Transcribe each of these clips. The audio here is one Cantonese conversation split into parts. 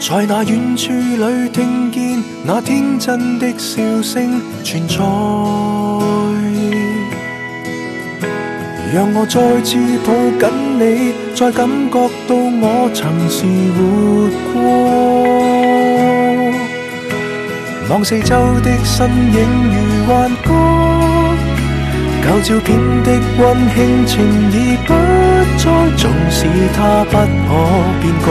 在那遠處裏聽見那天真的笑聲存在，讓我再次抱緊你，再感覺到我曾是活過。望四周的身影如幻覺，舊照片的温馨情意不再，縱使它不可變改。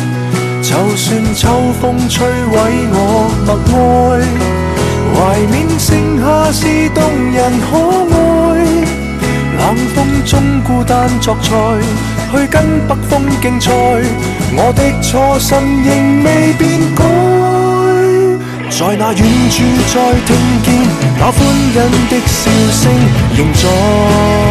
就算秋風吹毀我默哀，懷緬盛夏是動人可愛。冷風中孤單作祟，去跟北風競賽，我的初心仍未變改。在那遠處再聽見那歡欣的笑聲，仍在。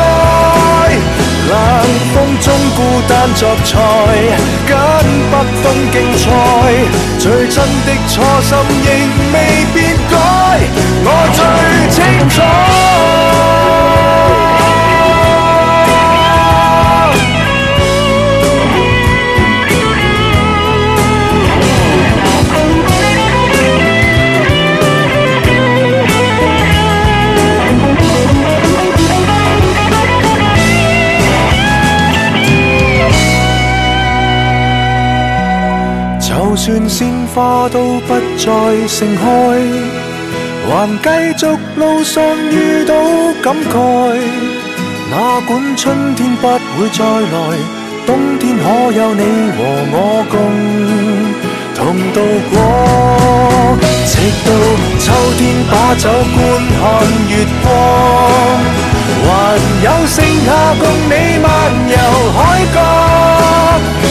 單作賽跟不分競賽，最真的初心仍未變改，我最清楚。花都不再盛開，還繼續路上遇到感慨。哪管春天不會再來，冬天可有你和我共同渡過？直到秋天把酒觀看月光，還有盛夏共你漫遊海角。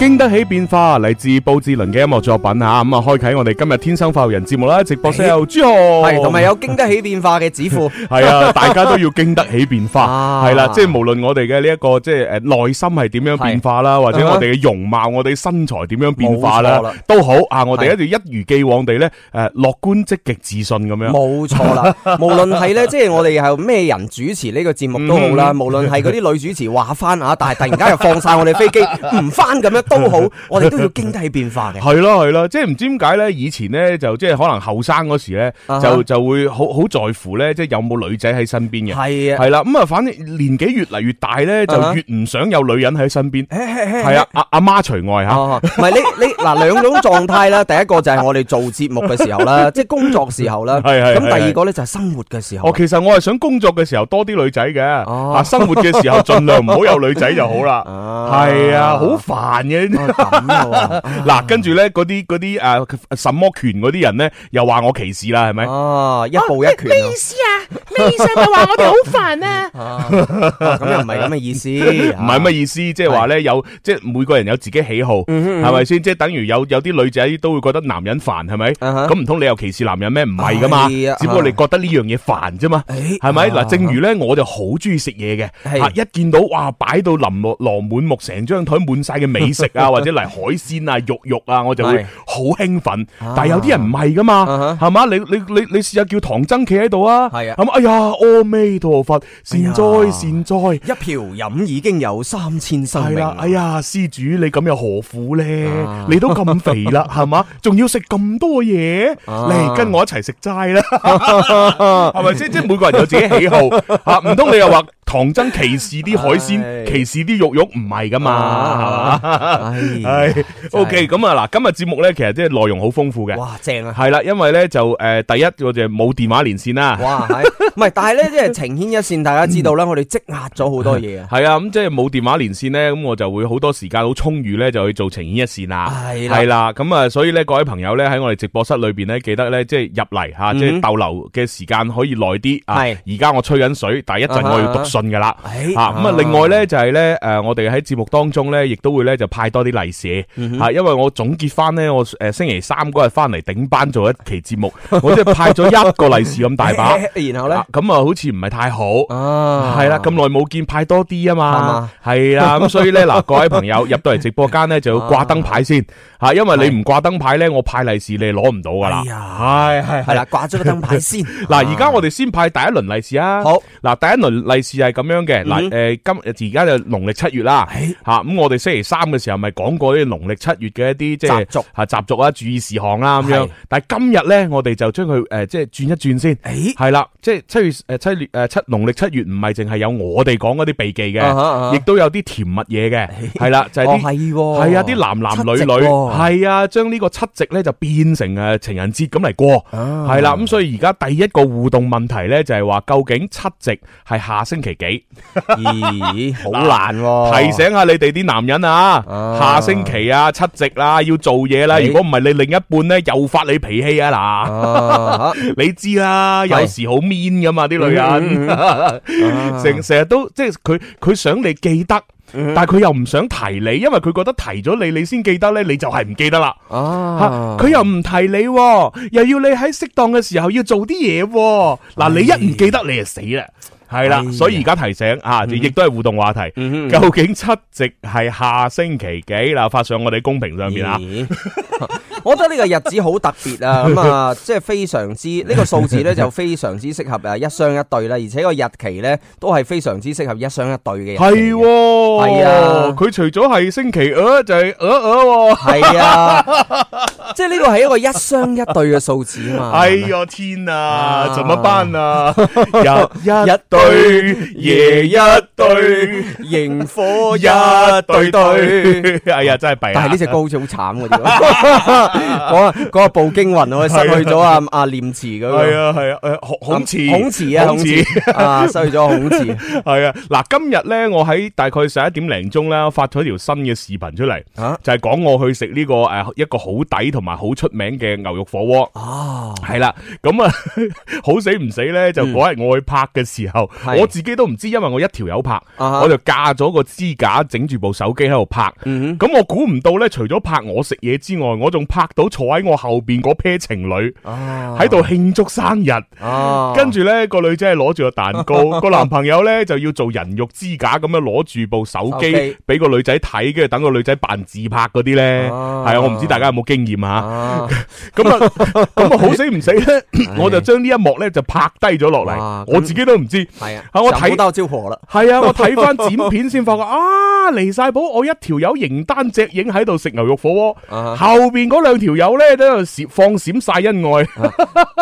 經得起變化嚟自布志倫嘅音樂作品吓，咁啊，開啟我哋今日天生發育人節目啦！直播室有朱浩，係同埋有經得起變化嘅指父，係啊！大家都要經得起變化，係啦，即係無論我哋嘅呢一個即係誒內心係點樣變化啦，或者我哋嘅容貌、我哋身材點樣變化啦，都好啊！我哋一定要一如既往地咧誒樂觀、積極、自信咁樣，冇錯啦！無論係咧，即係我哋係咩人主持呢個節目都好啦，無論係嗰啲女主持話翻啊，但係突然間又放晒我哋飛機唔翻咁樣。都好，我哋都要經濟變化嘅。係咯，係咯，即係唔知點解咧，以前咧就即係可能後生嗰時咧，就就會好好在乎咧，即係有冇女仔喺身邊嘅。係啊，係啦，咁啊，反正年紀越嚟越大咧，就越唔想有女人喺身邊。係啊，阿阿媽除外嚇。唔係你你嗱兩種狀態啦。第一個就係我哋做節目嘅時候啦，即係工作時候啦。係係。咁第二個咧就係生活嘅時候。哦，其實我係想工作嘅時候多啲女仔嘅啊，生活嘅時候盡量唔好有女仔就好啦。係啊，好煩嘅。嗱，跟住咧，嗰啲嗰啲誒什麼拳嗰啲人咧，又話我歧視啦，係咪？哦、啊，一步一拳，啊，咩意思啊？ 咩意思？咪話我哋好煩咩、啊？咁、啊啊哦、又唔係咁嘅意思，唔係乜意思，即係話咧有即係每個人有自己喜好，係咪先？即係等如有有啲女仔都會覺得男人煩，係咪？咁唔通你又歧視男人咩？唔係噶嘛，啊啊只不過你覺得呢樣嘢煩啫嘛，係咪、哎？嗱，啊、正如咧我就好中意食嘢嘅，吓、啊、一見到哇擺到琳琅滿目，成張台滿晒嘅美食啊，啊或者嚟海鮮啊、肉肉啊，我就會好興奮。啊、但係有啲人唔係噶嘛，係嘛？你你你你試下叫唐僧企喺度啊？係啊。哎呀，阿彌陀佛，善哉善哉，一瓢飲已經有三千世啦。哎呀，施主你咁又何苦呢？啊、你都咁肥啦，係嘛、啊？仲要食咁多嘢？你、啊、跟我一齊食齋啦，係咪先？即係每個人有自己喜好，吓，唔通你又話？唐僧歧視啲海鮮，歧視啲肉肉唔係噶嘛，係嘛？O K，咁啊嗱，今日節目咧，其實即係內容好豐富嘅。哇，正啊！係啦，因為咧就誒第一我就冇電話連線啦。哇，係唔係？但係咧即係情牽一線，大家知道啦，我哋積壓咗好多嘢啊。係啊，咁即係冇電話連線咧，咁我就會好多時間好充裕咧，就去做情牽一線啊。係啦，咁啊，所以咧各位朋友咧喺我哋直播室裏邊咧，記得咧即係入嚟吓，即係逗留嘅時間可以耐啲啊。係，而家我吹緊水，但係一陣我要讀水。噶啦吓，咁啊，另外咧就係咧，誒，我哋喺節目當中咧，亦都會咧就派多啲利是吓，因為我總結翻咧，我誒星期三嗰日翻嚟頂班做一期節目，我即係派咗一個利是咁大把，然後咧，咁啊，好似唔係太好啊，係啦，咁耐冇見，派多啲啊嘛，係啊，咁所以咧嗱，各位朋友入到嚟直播間咧就要掛燈牌先吓，因為你唔掛燈牌咧，我派利是你攞唔到噶啦，係係係啦，掛咗個燈牌先，嗱，而家我哋先派第一輪利是啊，好，嗱，第一輪利是係。咁樣嘅嗱，誒今而家就農曆七月啦，吓咁我哋星期三嘅時候咪講過啲農曆七月嘅一啲即係習俗吓啊，注意事項啦咁樣。但係今日咧，我哋就將佢誒即係轉一轉先，係啦，即係七月誒七月誒七農曆七月唔係淨係有我哋講嗰啲避忌嘅，亦都有啲甜蜜嘢嘅，係啦就係啲係啊啲男男女女係啊，將呢個七夕咧就變成誒情人節咁嚟過，係啦，咁所以而家第一個互動問題咧就係話究竟七夕係下星期幾？咦，好難喎、啊！提醒下你哋啲男人啊，啊下星期啊，七夕啦、啊，要做嘢啦。如果唔係你另一半咧，又發你脾氣啊嗱、啊啊！你知啦、啊，是有時好 mean 噶嘛，啲女人成成日都即係佢佢想你記得，但係佢又唔想提你，因為佢覺得提咗你，你先記得咧，你就係唔記得啦。吓、啊，佢、啊、又唔提你、啊，又要你喺適當嘅時候要做啲嘢、啊。嗱、啊，你一唔記得，你就死啦！係啦，所以而家提醒啊，亦都係互動話題。究竟七夕係下星期幾？嗱，發上我哋公屏上面啊！我覺得呢個日子好特別啊！咁啊，即係非常之呢個數字咧，就非常之適合誒一雙一對啦。而且個日期咧都係非常之適合一雙一對嘅。係喎，係啊！佢除咗係星期二，就係二二。係啊，即係呢個係一個一雙一對嘅數字啊嘛！哎呀天啊，怎麼辦啊？又一對。對夜一對螢火一對對，哎呀真係弊，但係呢隻歌好似好慘嗰啲，嗰個嗰個步驚雲我失去咗啊啊，念慈嗰個，係啊係啊，誒孔慈孔慈啊孔慈啊，失去咗孔慈，係啊。嗱，今日咧我喺大概十一點零鐘啦發咗條新嘅視頻出嚟，就係講我去食呢個誒一個好抵同埋好出名嘅牛肉火鍋，哦係啦，咁啊好死唔死咧就嗰日我去拍嘅時候。我自己都唔知，因為我一條友拍，我就架咗個支架，整住部手機喺度拍。咁我估唔到咧，除咗拍我食嘢之外，我仲拍到坐喺我後邊嗰 pair 情侶喺度慶祝生日。跟住呢個女仔係攞住個蛋糕，個男朋友呢就要做人肉支架咁樣攞住部手機俾個女仔睇，跟住等個女仔扮自拍嗰啲呢，係啊，我唔知大家有冇經驗吓。咁啊，咁啊，好死唔死呢？我就將呢一幕呢就拍低咗落嚟，我自己都唔知。係啊，我睇到招婆啦。係啊，我睇翻剪片先發覺啊，離晒譜，我一條友形單隻影喺度食牛肉火鍋，後邊嗰兩條友咧都喺度放閃晒恩愛。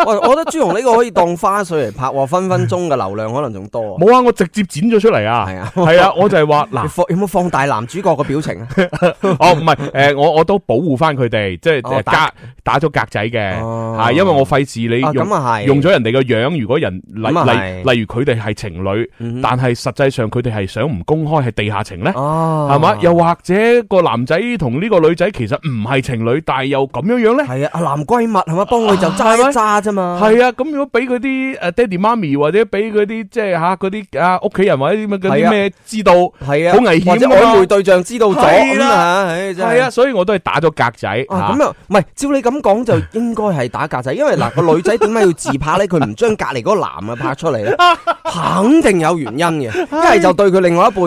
我我覺得朱紅呢個可以當花絮嚟拍，分分鐘嘅流量可能仲多。冇啊，我直接剪咗出嚟啊。係啊，係啊，我就係話嗱，你有冇放大男主角嘅表情啊？哦，唔係，誒，我我都保護翻佢哋，即係格打咗格仔嘅，係，因為我費事你咁啊係用咗人哋個樣，如果人例例例如佢哋係。係情侶，但係實際上佢哋係想唔公開，係地下情咧，係嘛？又或者個男仔同呢個女仔其實唔係情侶，但又咁樣樣咧？係啊，男閨蜜係嘛？幫佢就渣渣啫嘛？係啊，咁如果俾嗰啲誒爹地媽咪或者俾嗰啲即係吓嗰啲啊屋企人或者啲乜嘅咩知道，係啊，好危險或者曖昧對象知道咗啦吓，係啊，所以我都係打咗格仔。咁又唔係？照你咁講就應該係打格仔，因為嗱個女仔點解要自拍咧？佢唔將隔籬嗰個男啊拍出嚟咧？肯定有原因嘅，一係就對佢另外一半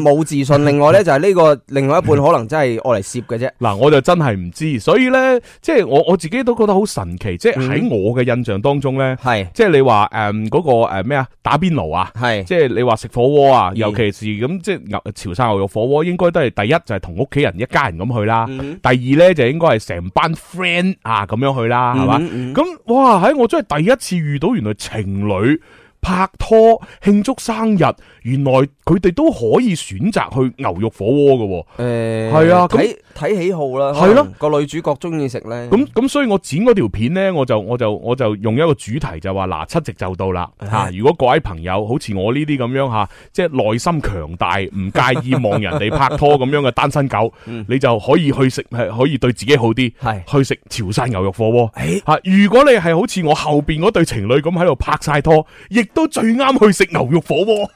冇自信， 另外咧就係、是、呢個另外一半可能真係愛嚟攝嘅啫。嗱，我就真係唔知，所以咧，即係我我自己都覺得好神奇，嗯、即係喺我嘅印象當中咧，是即係你話誒嗰個誒咩啊打邊爐啊，即係你話食火鍋啊，尤其是咁即係牛潮汕牛肉火鍋，應該都係第一就係同屋企人一家人咁去啦，第二咧就應該係成班 friend 啊咁樣去啦，係嘛、嗯？咁哇，喺我真係第一次遇到，原來情侶。拍拖、慶祝生日，原來佢哋都可以選擇去牛肉火鍋㗎喎、哦。係、欸、啊，咁睇喜好啦，係咯，個女主角中意食咧。咁咁，所以我剪嗰條片咧，我就我就我就用一個主題就話嗱，七夕就到啦吓。如果各位朋友好似我呢啲咁樣吓，即係內心強大，唔介意望人哋拍拖咁樣嘅單身狗，你就可以去食，係可以對自己好啲，係去食潮汕牛肉火鍋。吓，如果你係好似我後邊嗰對情侶咁喺度拍晒拖，亦都最啱去食牛肉火鍋。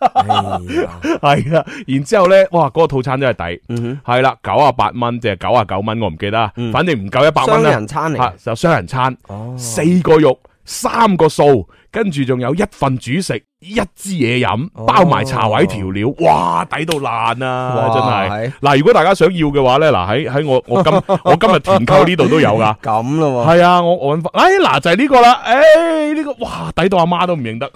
係啊，然之後咧，哇，嗰個套餐真係抵，係啦，九啊八蚊九啊九蚊，我唔記得，嗯、反正唔夠一百蚊啦。雙人餐嚟、啊，就雙人餐，四、哦、個肉，三個素，跟住仲有一份主食。一支嘢飲包埋茶位調料，哇抵到爛啊！真係嗱，如果大家想要嘅話咧，嗱喺喺我我今我今日團購呢度都有噶，咁咯，係啊，我我揾翻，哎嗱就係呢個啦，哎呢個哇抵到阿媽都唔認得，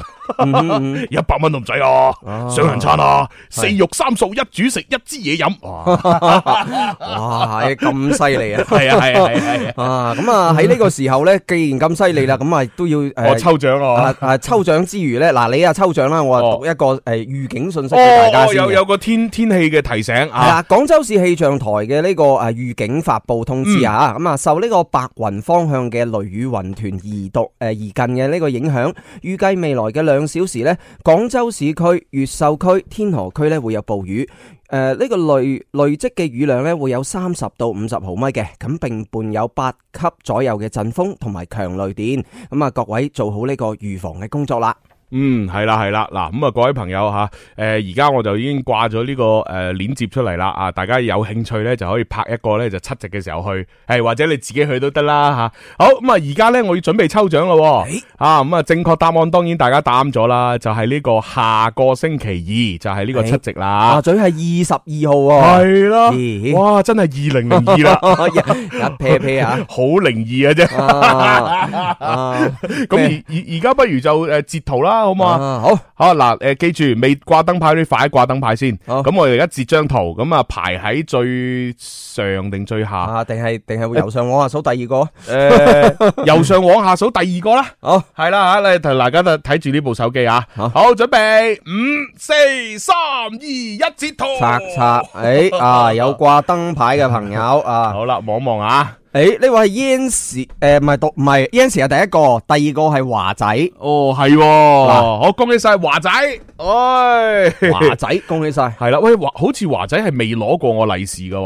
一百蚊都唔使啊，雙人餐啊，四肉三素一主食，一支嘢飲，哇，係咁犀利啊，係啊係啊係啊，啊咁啊喺呢個時候咧，既然咁犀利啦，咁啊都要我抽獎啊，啊抽獎之餘咧，嗱你啊。抽獎啦！我係讀一個誒預警信息，俾大家、哦哦、有有個天天氣嘅提醒啊！嗱，廣州市氣象台嘅呢個誒預警發佈通知啊，咁啊、嗯，受呢個白雲方向嘅雷雨雲團移動誒移近嘅呢個影響，預計未來嘅兩小時呢，廣州市區、越秀區、天河區呢會有暴雨。誒、呃、呢、這個累累積嘅雨量呢，會有三十到五十毫米嘅咁，並伴有八級左右嘅陣風同埋強雷電。咁啊，各位做好呢個預防嘅工作啦。嗯，係啦，係啦，嗱，咁啊，各位朋友吓，誒，而家我就已經掛咗呢個誒鏈、呃、接出嚟啦，啊，大家有興趣咧就可以拍一個咧就七夕嘅時候去，係、哎、或者你自己去都得啦吓。好，咁啊，而家咧我要準備抽獎咯，啊、哎，咁啊，正確答案當然大家答咗啦，就係、是、呢個下個星期二就係呢個七夕啦，阿嘴係二十二號啊，係咯，的哎、哇，真係二零零二啦，一撇 啊，好靈異啊啫、 啊，咁而而而家不如就誒截圖啦。好嘛，好，好啊嗱，誒，記住未掛燈牌啲快掛燈牌先。咁我哋而家截張圖，咁啊排喺最上定最下啊？定係定係會由上往下數第二個？誒，由上往下數第二個啦。好，係啦吓，你同大家都睇住呢部手機啊。好，準備五、四、三、二、一，截圖。查查，誒啊，有掛燈牌嘅朋友啊，好啦，望望啊。誒，呢位 Yancy 誒，唔係讀唔係 Yancy 係第一個，第二個係華仔哦，係喎，好恭喜晒華仔，哎華仔恭喜晒，係啦，喂華好似華仔係未攞過我利、欸、是噶，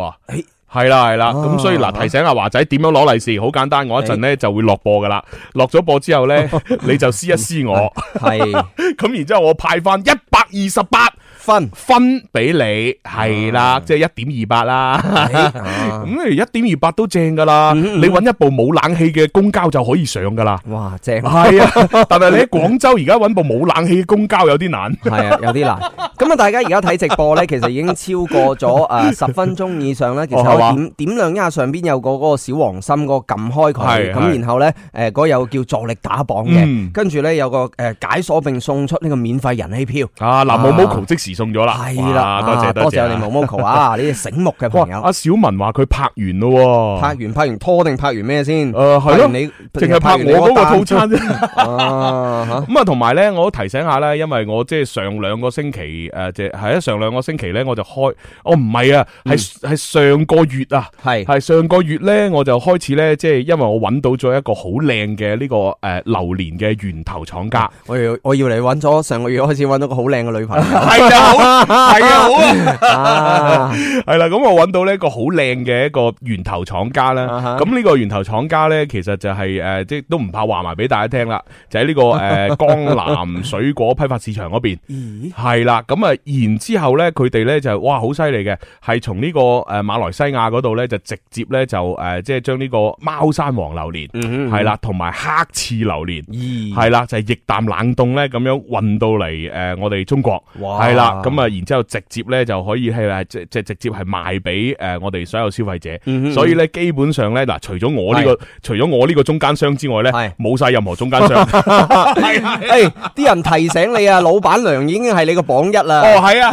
係啦係啦，咁、啊、所以嗱，提醒阿華仔點樣攞利是，好簡單，我一陣咧就會落播噶啦，落咗播之後咧，啊、哈哈你就私一私我，係、嗯，咁、嗯、 然之後我派翻一百二十八。分分俾你，係啦，即係一點二八啦。咁一點二八都正噶啦，你搵一部冇冷氣嘅公交就可以上噶啦。哇，正係啊！但係你喺廣州而家搵部冇冷氣嘅公交有啲難。係啊，有啲難。咁啊，大家而家睇直播咧，其實已經超過咗誒十分鐘以上咧。其實點點亮一下上邊有個嗰個小黃心，嗰個撳開佢，咁然後咧誒嗰個有叫助力打榜嘅，跟住咧有個誒解鎖並送出呢個免費人氣票。啊，嗱，我 m 即時。送咗啦，係啦，多謝多謝你毛毛球啊！你係醒目嘅朋友，阿小文話佢拍完咯，拍完拍完拖定拍完咩先？誒，係咯，淨係拍我嗰個套餐啫。咁啊，同埋咧，我都提醒下咧，因為我即係上兩個星期誒，即係喺上兩個星期咧，我就開，我唔係啊，係係上個月啊，係係上個月咧，我就開始咧，即係因為我搵到咗一個好靚嘅呢個誒榴蓮嘅源頭廠家。我要我要嚟搵咗上個月開始搵到個好靚嘅女朋友，係啊，好啊， 係啦，咁我揾到呢一個好靚嘅一個源頭廠家啦。咁呢、uh huh. 個源頭廠家咧，其實就係、是、誒、呃，即係都唔怕話埋俾大家聽啦，就喺呢、這個誒、呃、江南水果批發市場嗰邊。係啦、uh，咁、huh. 啊，然之後咧，佢哋咧就哇好犀利嘅，係從呢個誒馬來西亞嗰度咧，就直接咧就誒、呃、即係將呢個貓山王榴蓮係啦，同埋、uh huh. 黑刺榴蓮係啦，就係、是、液氮冷凍咧咁樣運到嚟誒、呃、我哋中國。係啦、uh。Huh. 咁啊，然之後直接咧就可以係係即即直接係賣俾誒我哋所有消費者，所以咧基本上咧嗱，除咗我呢個除咗我呢個中間商之外咧，係冇晒任何中間商。係啊，誒，啲人提醒你啊，老闆娘已經係你個榜一啦。哦，係啊，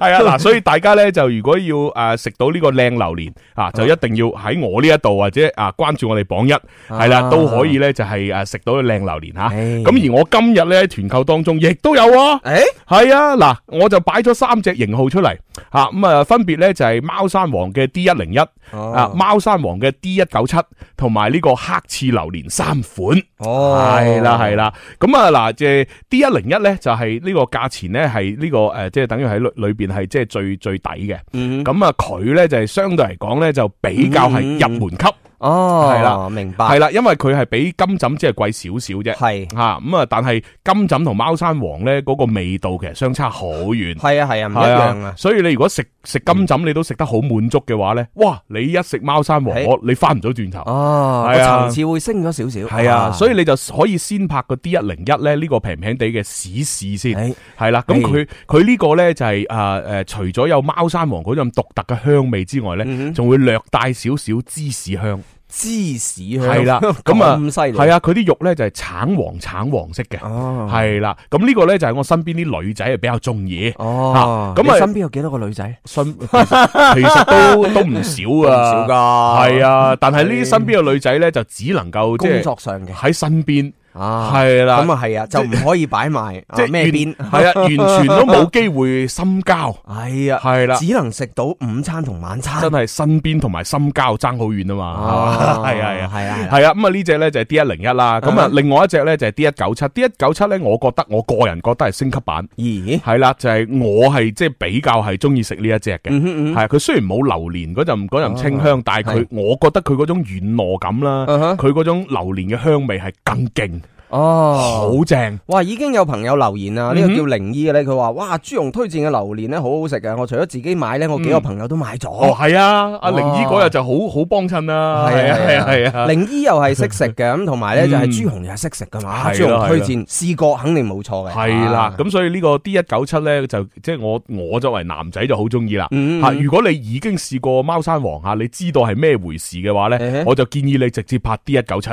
係啊，嗱，所以大家咧就如果要誒食到呢個靚榴蓮啊，就一定要喺我呢一度或者啊關注我哋榜一係啦，都可以咧就係誒食到個靚榴蓮吓。咁而我今日咧團購當中亦都有啊。誒，係啊嗱。啊！我就擺咗三隻型號出嚟吓，咁啊，啊分別咧就係、是、貓山王嘅 D 一零一啊，貓、啊、山王嘅 D 一九七同埋呢個黑刺榴蓮三款。哦，係啦係啦，咁啊嗱，即係 D 一零一咧就係、是、呢、這個價錢咧係呢個誒，即係等於喺裏裏邊係即係最最抵嘅。咁啊佢咧就係、是、相對嚟講咧就比較係入門級。嗯嗯哦，係啦的，明白，係啦，因為佢係比金枕即係貴少少啫，係吓咁啊，但係金枕同貓山王咧嗰個味道其實相差好遠，係啊係啊唔一樣啊，所以你如果食。食金枕你都食得好滿足嘅話呢，哇！你一食貓山王，欸、我你翻唔到轉頭，啊，層、啊、次會升咗少少，係啊，啊所以你就可以先拍 D 個 D 一零一呢，呢個平平地嘅「屎屎」先，係啦、欸，咁佢佢呢個呢、就是，就係誒誒，除咗有貓山王嗰種獨特嘅香味之外呢，仲、嗯嗯、會略帶少少芝士香。芝士係啦，咁啊的，咁犀利，係啊，佢啲肉咧就係橙黃橙黃色嘅，係啦、哦，咁呢個咧就係我身邊啲女仔係比較中意，吓、哦，咁啊，身邊有幾多個女仔？其實， 其實都 都唔少啊，係啊，但係呢啲身邊嘅女仔咧就只能夠即係工作上嘅喺身邊。啊，係啦，咁啊係啊，就唔可以擺埋即係咩邊，係啊，完全都冇機會深交，係啊，係啦，只能食到午餐同晚餐，真係身邊同埋深交爭好遠啊嘛，係啊，係啊，係啊，係啊，咁啊呢隻咧就係 D 一零一啦，咁啊另外一隻咧就係 D 一九七，D 一九七咧我覺得我個人覺得係升級版，係啦，就係我係即係比較係中意食呢一隻嘅，係啊，佢雖然冇榴蓮嗰陣嗰陣清香，但係佢我覺得佢嗰種軟糯感啦，佢嗰種榴蓮嘅香味係更勁。哦，好正！哇，已經有朋友留言啦，呢個叫靈醫嘅咧，佢話哇，朱紅推薦嘅榴蓮咧好好食嘅。我除咗自己買咧，我幾個朋友都買咗。哦，係啊，阿靈醫嗰日就好好幫襯啦，係啊，係啊，係啊。靈醫又係識食嘅，咁同埋咧就係朱紅又係識食噶嘛。朱紅推薦，試過肯定冇錯嘅。係啦，咁所以呢個 D 一九七咧就即係我我作為男仔就好中意啦。吓，如果你已經試過貓山王吓，你知道係咩回事嘅話咧，我就建議你直接拍 D 一九七。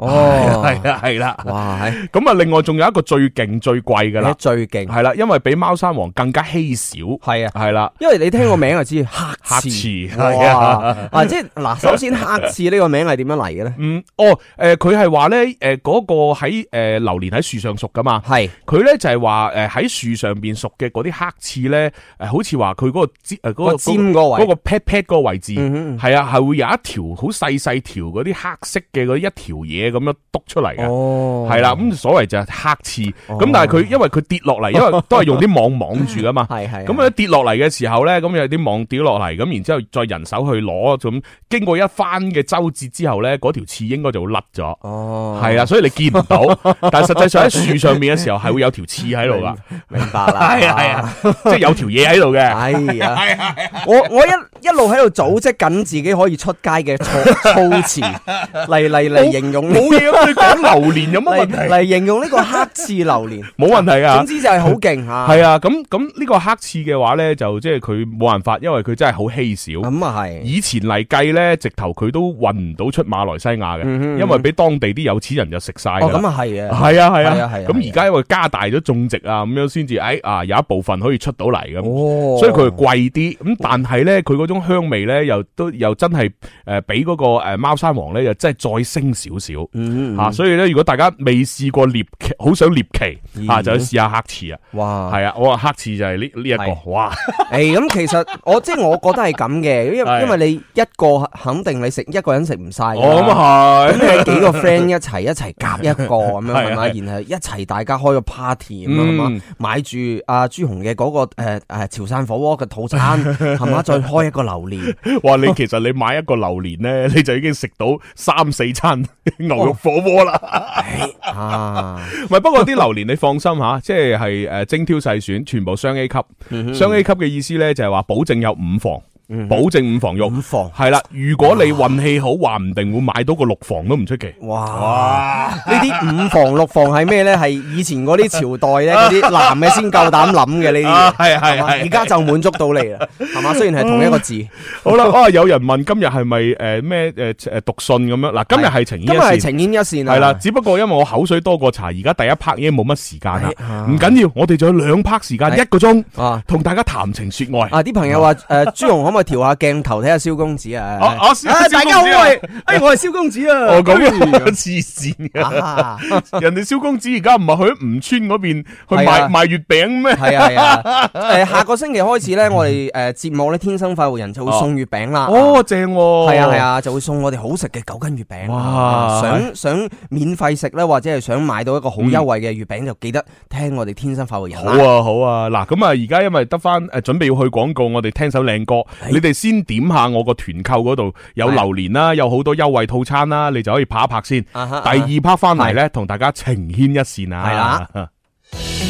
哦，係啊，係啦，哇，咁啊，另外仲有一個最勁最貴噶啦，最勁係啦，因為比貓山王更加稀少，係啊，係啦，因為你聽個名就知黑刺，係啊，啊，即係嗱，首先黑刺呢個名係點樣嚟嘅咧？嗯，哦，誒，佢係話咧，誒，嗰個喺誒榴蓮喺樹上熟噶嘛？係，佢咧就係話誒喺樹上邊熟嘅嗰啲黑刺咧，誒，好似話佢嗰個尖誒嗰個尖個位嗰個 pat pat 嗰個位置，係啊，係會有一條好細細條嗰啲黑色嘅嗰一條嘢。咁樣督出嚟嘅，係啦、oh.，咁所謂就係黑刺，咁、oh. 但係佢因為佢跌落嚟，因為都係用啲網網住噶嘛，係係 的，咁佢跌落嚟嘅時候咧，咁有啲網掉落嚟，咁然之後再人手去攞，咁經過一番嘅周折之後咧，嗰條刺應該就會甩咗，係啊、oh.，所以你見唔到， 但係實際上喺樹上面嘅時候係會有條刺喺度噶， 明白啦了，係啊， 即係、就是、有條嘢喺度嘅，係啊，係啊，我我一一路喺度組織緊自己可以出街嘅措措辭嚟嚟嚟形容。冇嘢啊！你講 榴蓮有乜問題？嚟形容呢個黑刺榴蓮，冇 問題啊。總之就係好勁吓。係啊，咁咁呢個黑刺嘅話咧，就即係佢冇辦法，因為佢真係好稀少。咁啊係。以前嚟計咧，直頭佢都運唔到出馬來西亞嘅，嗯嗯、因為俾當地啲有錢人就食晒。嗯、哦，咁啊係啊。係啊係啊係啊。咁而家因為加大咗種植、哎、啊，咁樣先至誒啊有一部分可以出到嚟咁。哦、所以佢係貴啲。咁但係咧，佢嗰種香味咧，又都又真係誒，比嗰個誒貓山王咧，又真係再升少少。嗯吓，所以咧，如果大家未試過獵奇，好想獵奇吓，就去試下黑翅啊！哇，係啊，我話黑翅就係呢呢一個哇。誒，咁其實我即係我覺得係咁嘅，因為你一個肯定你食一個人食唔晒，咁係。咁你幾個 friend 一齊一齊夾一個咁樣，係嘛？然後一齊大家開個 party 咁樣，買住阿朱紅嘅嗰個誒誒潮汕火鍋嘅套餐，係嘛？再開一個榴蓮。哇！你其實你買一個榴蓮咧，你就已經食到三四餐肉火鍋啦，啊，唔係，不過啲榴蓮你放心吓，即係誒精挑細選，全部雙 A 級，雙 A 級嘅意思咧就係話保證有五房。保證五房用五房係啦，如果你運氣好，話唔定會買到個六房都唔出奇。哇！呢啲五房六房係咩咧？係以前嗰啲朝代，咧嗰啲男嘅先夠膽諗嘅呢啲。係係係，而家就滿足到你啦，係嘛？雖然係同一個字。好啦，啊，有人問今日係咪誒咩誒誒讀信咁樣嗱？今日係情。今日係情牽一線。係啦，只不過因為我口水多過茶，而家第一 part 已經冇乜時間啦。唔緊要，我哋仲有兩 part 時間，一個鐘，同大家談情說愛。啊，啲朋友話誒朱紅可唔可？我調下鏡頭睇下蕭公子啊！大家好，哎我係蕭公子啊！我咁啊黐線嘅，人哋蕭公子而家唔係去吳村嗰邊去賣賣月餅咩？係啊係啊！誒下個星期開始咧，我哋誒節目咧，天生快活人就會送月餅啦！哦正喎！係啊係啊，就會送我哋好食嘅九斤月餅。哇！想想免費食咧，或者係想買到一個好優惠嘅月餅，就記得聽我哋天生快活人。好啊好啊！嗱咁啊，而家因為得翻誒準備要去廣告，我哋聽首靚歌。你哋先點下我個團購嗰度有榴蓮啦，是的 有好多優惠套餐啦，你就可以拍一拍先。啊啊啊第二 part 翻嚟呢，同是的 大家情牽一線啊。是的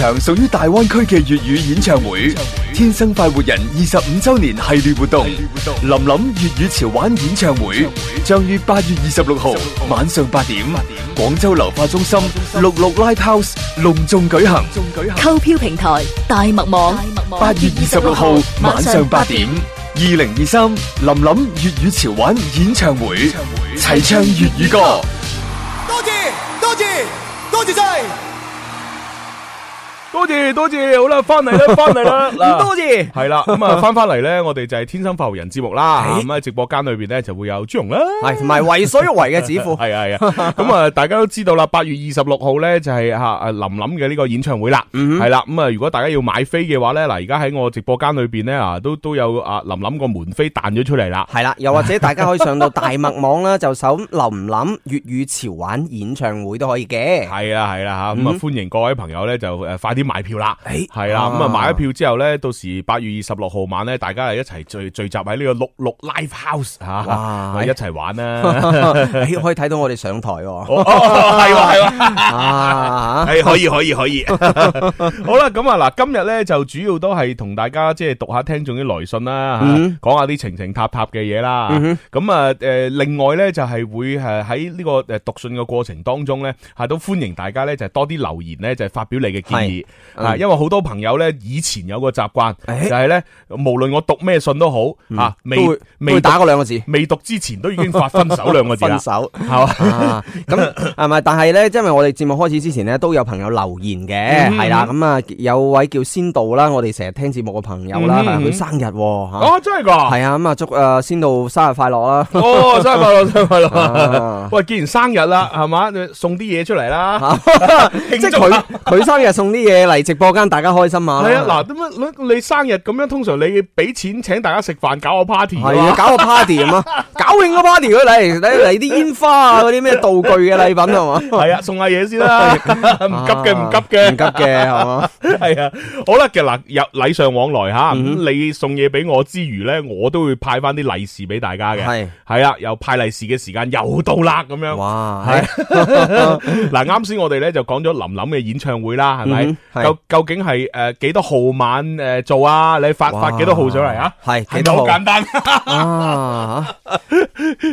場屬於大灣區嘅粵語演唱會，天生快活人二十五周年系列活動，林林粵語潮玩演唱會將於八月二十六號晚上八點，廣州流化中心六六 Live House 隆重舉行。購票平台大麥網。八月二十六號晚上八點，二零二三林林粵語潮玩演唱會，齊唱粵語歌。多謝，多謝，多謝晒。 多謝，好啦，翻嚟啦，翻嚟啦， 多謝，係啦，咁啊，翻翻嚟咧，我哋就係天生發人節目啦，咁喺、 啊、直播間裏邊咧就會有朱蓉啦，係唔係為所欲為嘅指富，係啊係啊，咁啊大家都知道啦，八月二十六號咧就係吓誒林林嘅呢個演唱會啦，係啦、 嗯，咁、嗯、啊如果大家要買飛嘅話咧嗱，而家喺我直播間裏邊咧啊都都有啊林林個門飛彈咗出嚟啦，係啦、啊，又或者大家可以上到大麥網啦， 就搜林林粵語潮玩演唱會都可以嘅，係啊係啦吓，咁啊、嗯嗯嗯、歡迎各位朋友咧就誒快啲買。票啦，係啦、哎，咁啊買咗票之後咧，到時八月二十六號晚咧，大家係一齊聚聚集喺呢個六六 Live House 吓，啊、一齊玩啦、哎哦哦哦啊啊哎，可以睇到我哋上台，係喎係喎，係可以可以可以，可以好啦，咁啊嗱，今日咧就主要都係同大家即係、就是、讀下聽眾啲來信啦，講、嗯、下啲情情塔塔嘅嘢啦，咁啊誒，另外咧就係、是、會誒喺呢個誒讀信嘅過程當中咧，係都歡迎大家咧就係多啲留言咧就係、是、發表你嘅建議。啊，因為好多朋友咧，以前有個習慣，就係咧，無論我讀咩信都好，啊，未未打過兩個字，未讀之前都已經發分手兩個字啦。分手，係咁係咪？但係咧，因為我哋節目開始之前咧，都有朋友留言嘅，係啦，咁啊，有位叫仙道啦，我哋成日聽節目嘅朋友啦，係佢生日，吓，哦，真係噶，係啊，咁啊祝啊仙道生日快樂啊！哦，生日快樂，生日快樂！喂，既然生日啦，係嘛？送啲嘢出嚟啦，即係佢佢生日送啲嘢。嚟直播間，大家開心啊！係啊，嗱咁樣你生日咁樣，通常你俾錢請大家食飯，搞個 party，係啊，搞個 party 咁啊，搞應個 party，嚟嚟啲煙花啊，嗰啲咩道具嘅禮品係嘛？係啊，送下嘢先啦。唔急嘅，唔急嘅，唔急嘅係嘛？係啊，好啦嘅嗱，有禮尚往來吓，你送嘢俾我之餘咧，我都會派翻啲利是俾大家嘅，係係啊，又派利是嘅時間又到啦，咁樣哇，係嗱，啱先我哋咧就講咗林林嘅演唱會啦，係咪？究究竟係誒幾多號晚誒做啊？你發發幾多號上嚟啊？係其實好簡單啊！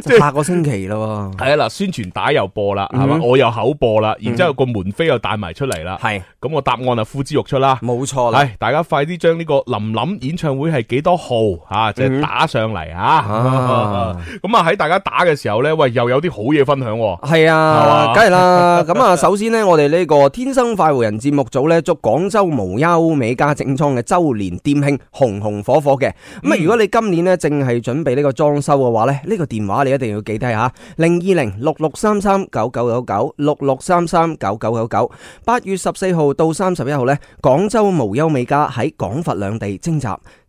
即係八個星期咯。係啊嗱，宣傳打又播啦，係嘛？我又口播啦，然之後個門飛又帶埋出嚟啦。係咁，我答案啊，呼之欲出啦。冇錯啦。係大家快啲將呢個林林演唱會係幾多號啊？即係打上嚟啊！咁啊喺大家打嘅時候咧，喂，又有啲好嘢分享。係啊，梗係啦。咁啊，首先咧，我哋呢個天生快活人節目組咧，祝廣州無憂美家整裝嘅周年店慶紅紅火火嘅，咁啊、嗯、如果你今年咧正係準備呢個裝修嘅話咧，呢、呢個電話你一定要記低吓，零二零六六三三九九九九六六三三九九九九，八月十四號到三十一號咧，廣州無憂美家喺廣佛兩地徵集。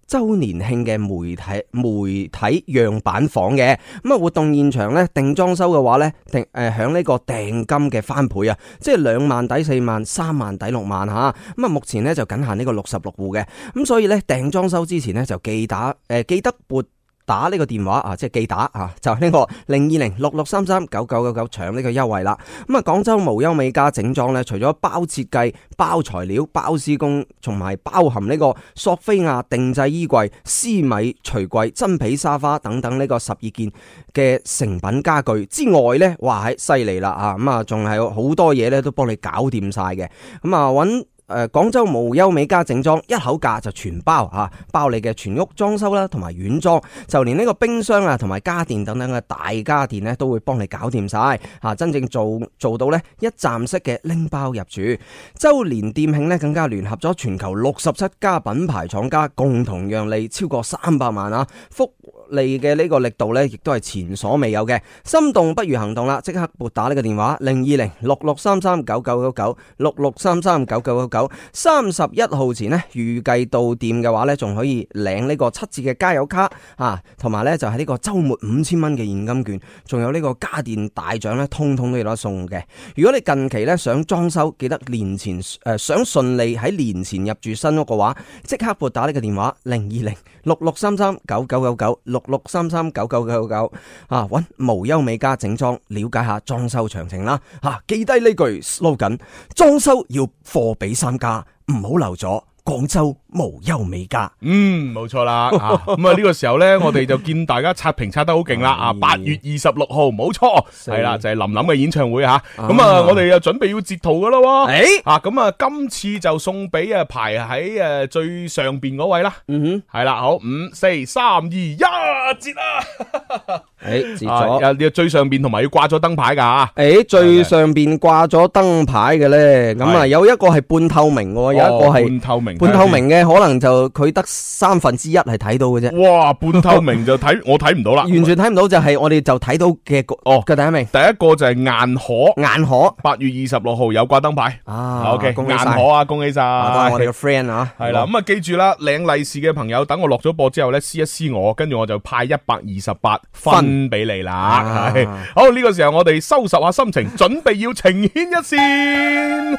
周年慶嘅媒體媒體樣板房嘅，咁啊活動現場呢，定裝修嘅話呢，訂誒響呢個訂金嘅翻倍即啊即係兩萬抵四萬三萬抵六萬吓，咁啊目前呢就僅限呢個六十六戶嘅，咁所以呢，訂裝修之前呢，就記打誒、呃、記得撥。打呢個電話啊，即係記打啊，就係呢個零二零六六三三九九九九搶呢個優惠啦。咁啊，廣州無憂美家整裝呢，除咗包設計、包材料、包施工，同埋包含呢個索菲亞定製衣櫃、絲米櫥櫃、真皮沙發等等呢個十二件嘅成品家具之外呢，哇喺犀利啦啊！咁啊，仲係好多嘢呢都幫你搞掂晒嘅。咁啊，搵。誒，廣州無憂美家整裝一口價就全包吓，包你嘅全屋裝修啦，同埋軟裝，就連呢個冰箱啊，同埋家電等等嘅大家電呢，都會幫你搞掂晒吓，真正做做到呢一站式嘅拎包入住。周年店慶呢更加聯合咗全球六十七家品牌廠家，共同讓利超過三百萬啊！福嚟嘅呢個力度呢，亦都係前所未有嘅。心動不如行動啦！即刻撥打呢個電話：零二零六六三三九九九九六六三三九九九九。三十一號前呢，預計到店嘅話呢，仲可以領呢個七折嘅加油卡啊，同埋呢，就係、是、呢個周末五千蚊嘅現金券，仲有呢個家電大獎呢，通通都有得送嘅。如果你近期呢，想裝修，記得年前誒、呃、想順利喺年前入住新屋嘅話，即刻撥打呢個電話：零二零六六三三九九九九。六六三三九九九九啊，揾無憂美家整裝，了解下裝修詳情啦！吓、啊，記低呢句，slogan 裝修要貨比三家，唔好留咗。廣州無憂美家，嗯，冇錯啦。咁啊，呢個時候咧，我哋就見大家刷屏刷得好勁啦。啊，八月二十六號，冇錯，係啦，就係林林嘅演唱會吓。咁啊，我哋又準備要截圖噶啦。誒，啊，咁啊，今次就送俾啊排喺誒最上邊嗰位啦。嗯哼，係啦，好，五、四、三、二、一，截啦。誒，截咗最上邊，同埋要掛咗燈牌噶啊。誒，最上邊掛咗燈牌嘅咧，咁啊有一個係半透明，有一個係半透明。半透明嘅可能就佢得三分之一係睇到嘅啫。哇，半透明就睇我睇唔到啦。完全睇唔到就係我哋就睇到嘅哦。第一名，第一個就係硬殼，硬殼。八月二十六號有掛燈牌啊。O K，恭喜晒。硬殼啊，恭喜晒。我哋個 friend 啊，係啦。咁啊，記住啦，領利是嘅朋友，等我落咗播之後咧，私一私我，跟住我就派一百二十八分俾你啦。好，呢個時候我哋收拾下心情，準備要晴天一線。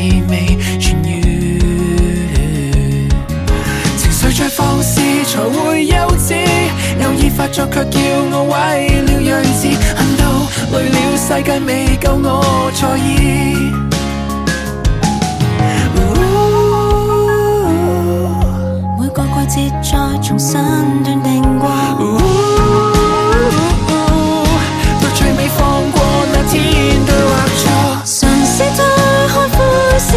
未痊愈，情緒在放肆才會幼稚，有意發作卻叫我毀了睿智，恨到累了世界未夠我在意。每個季節再重新斷定。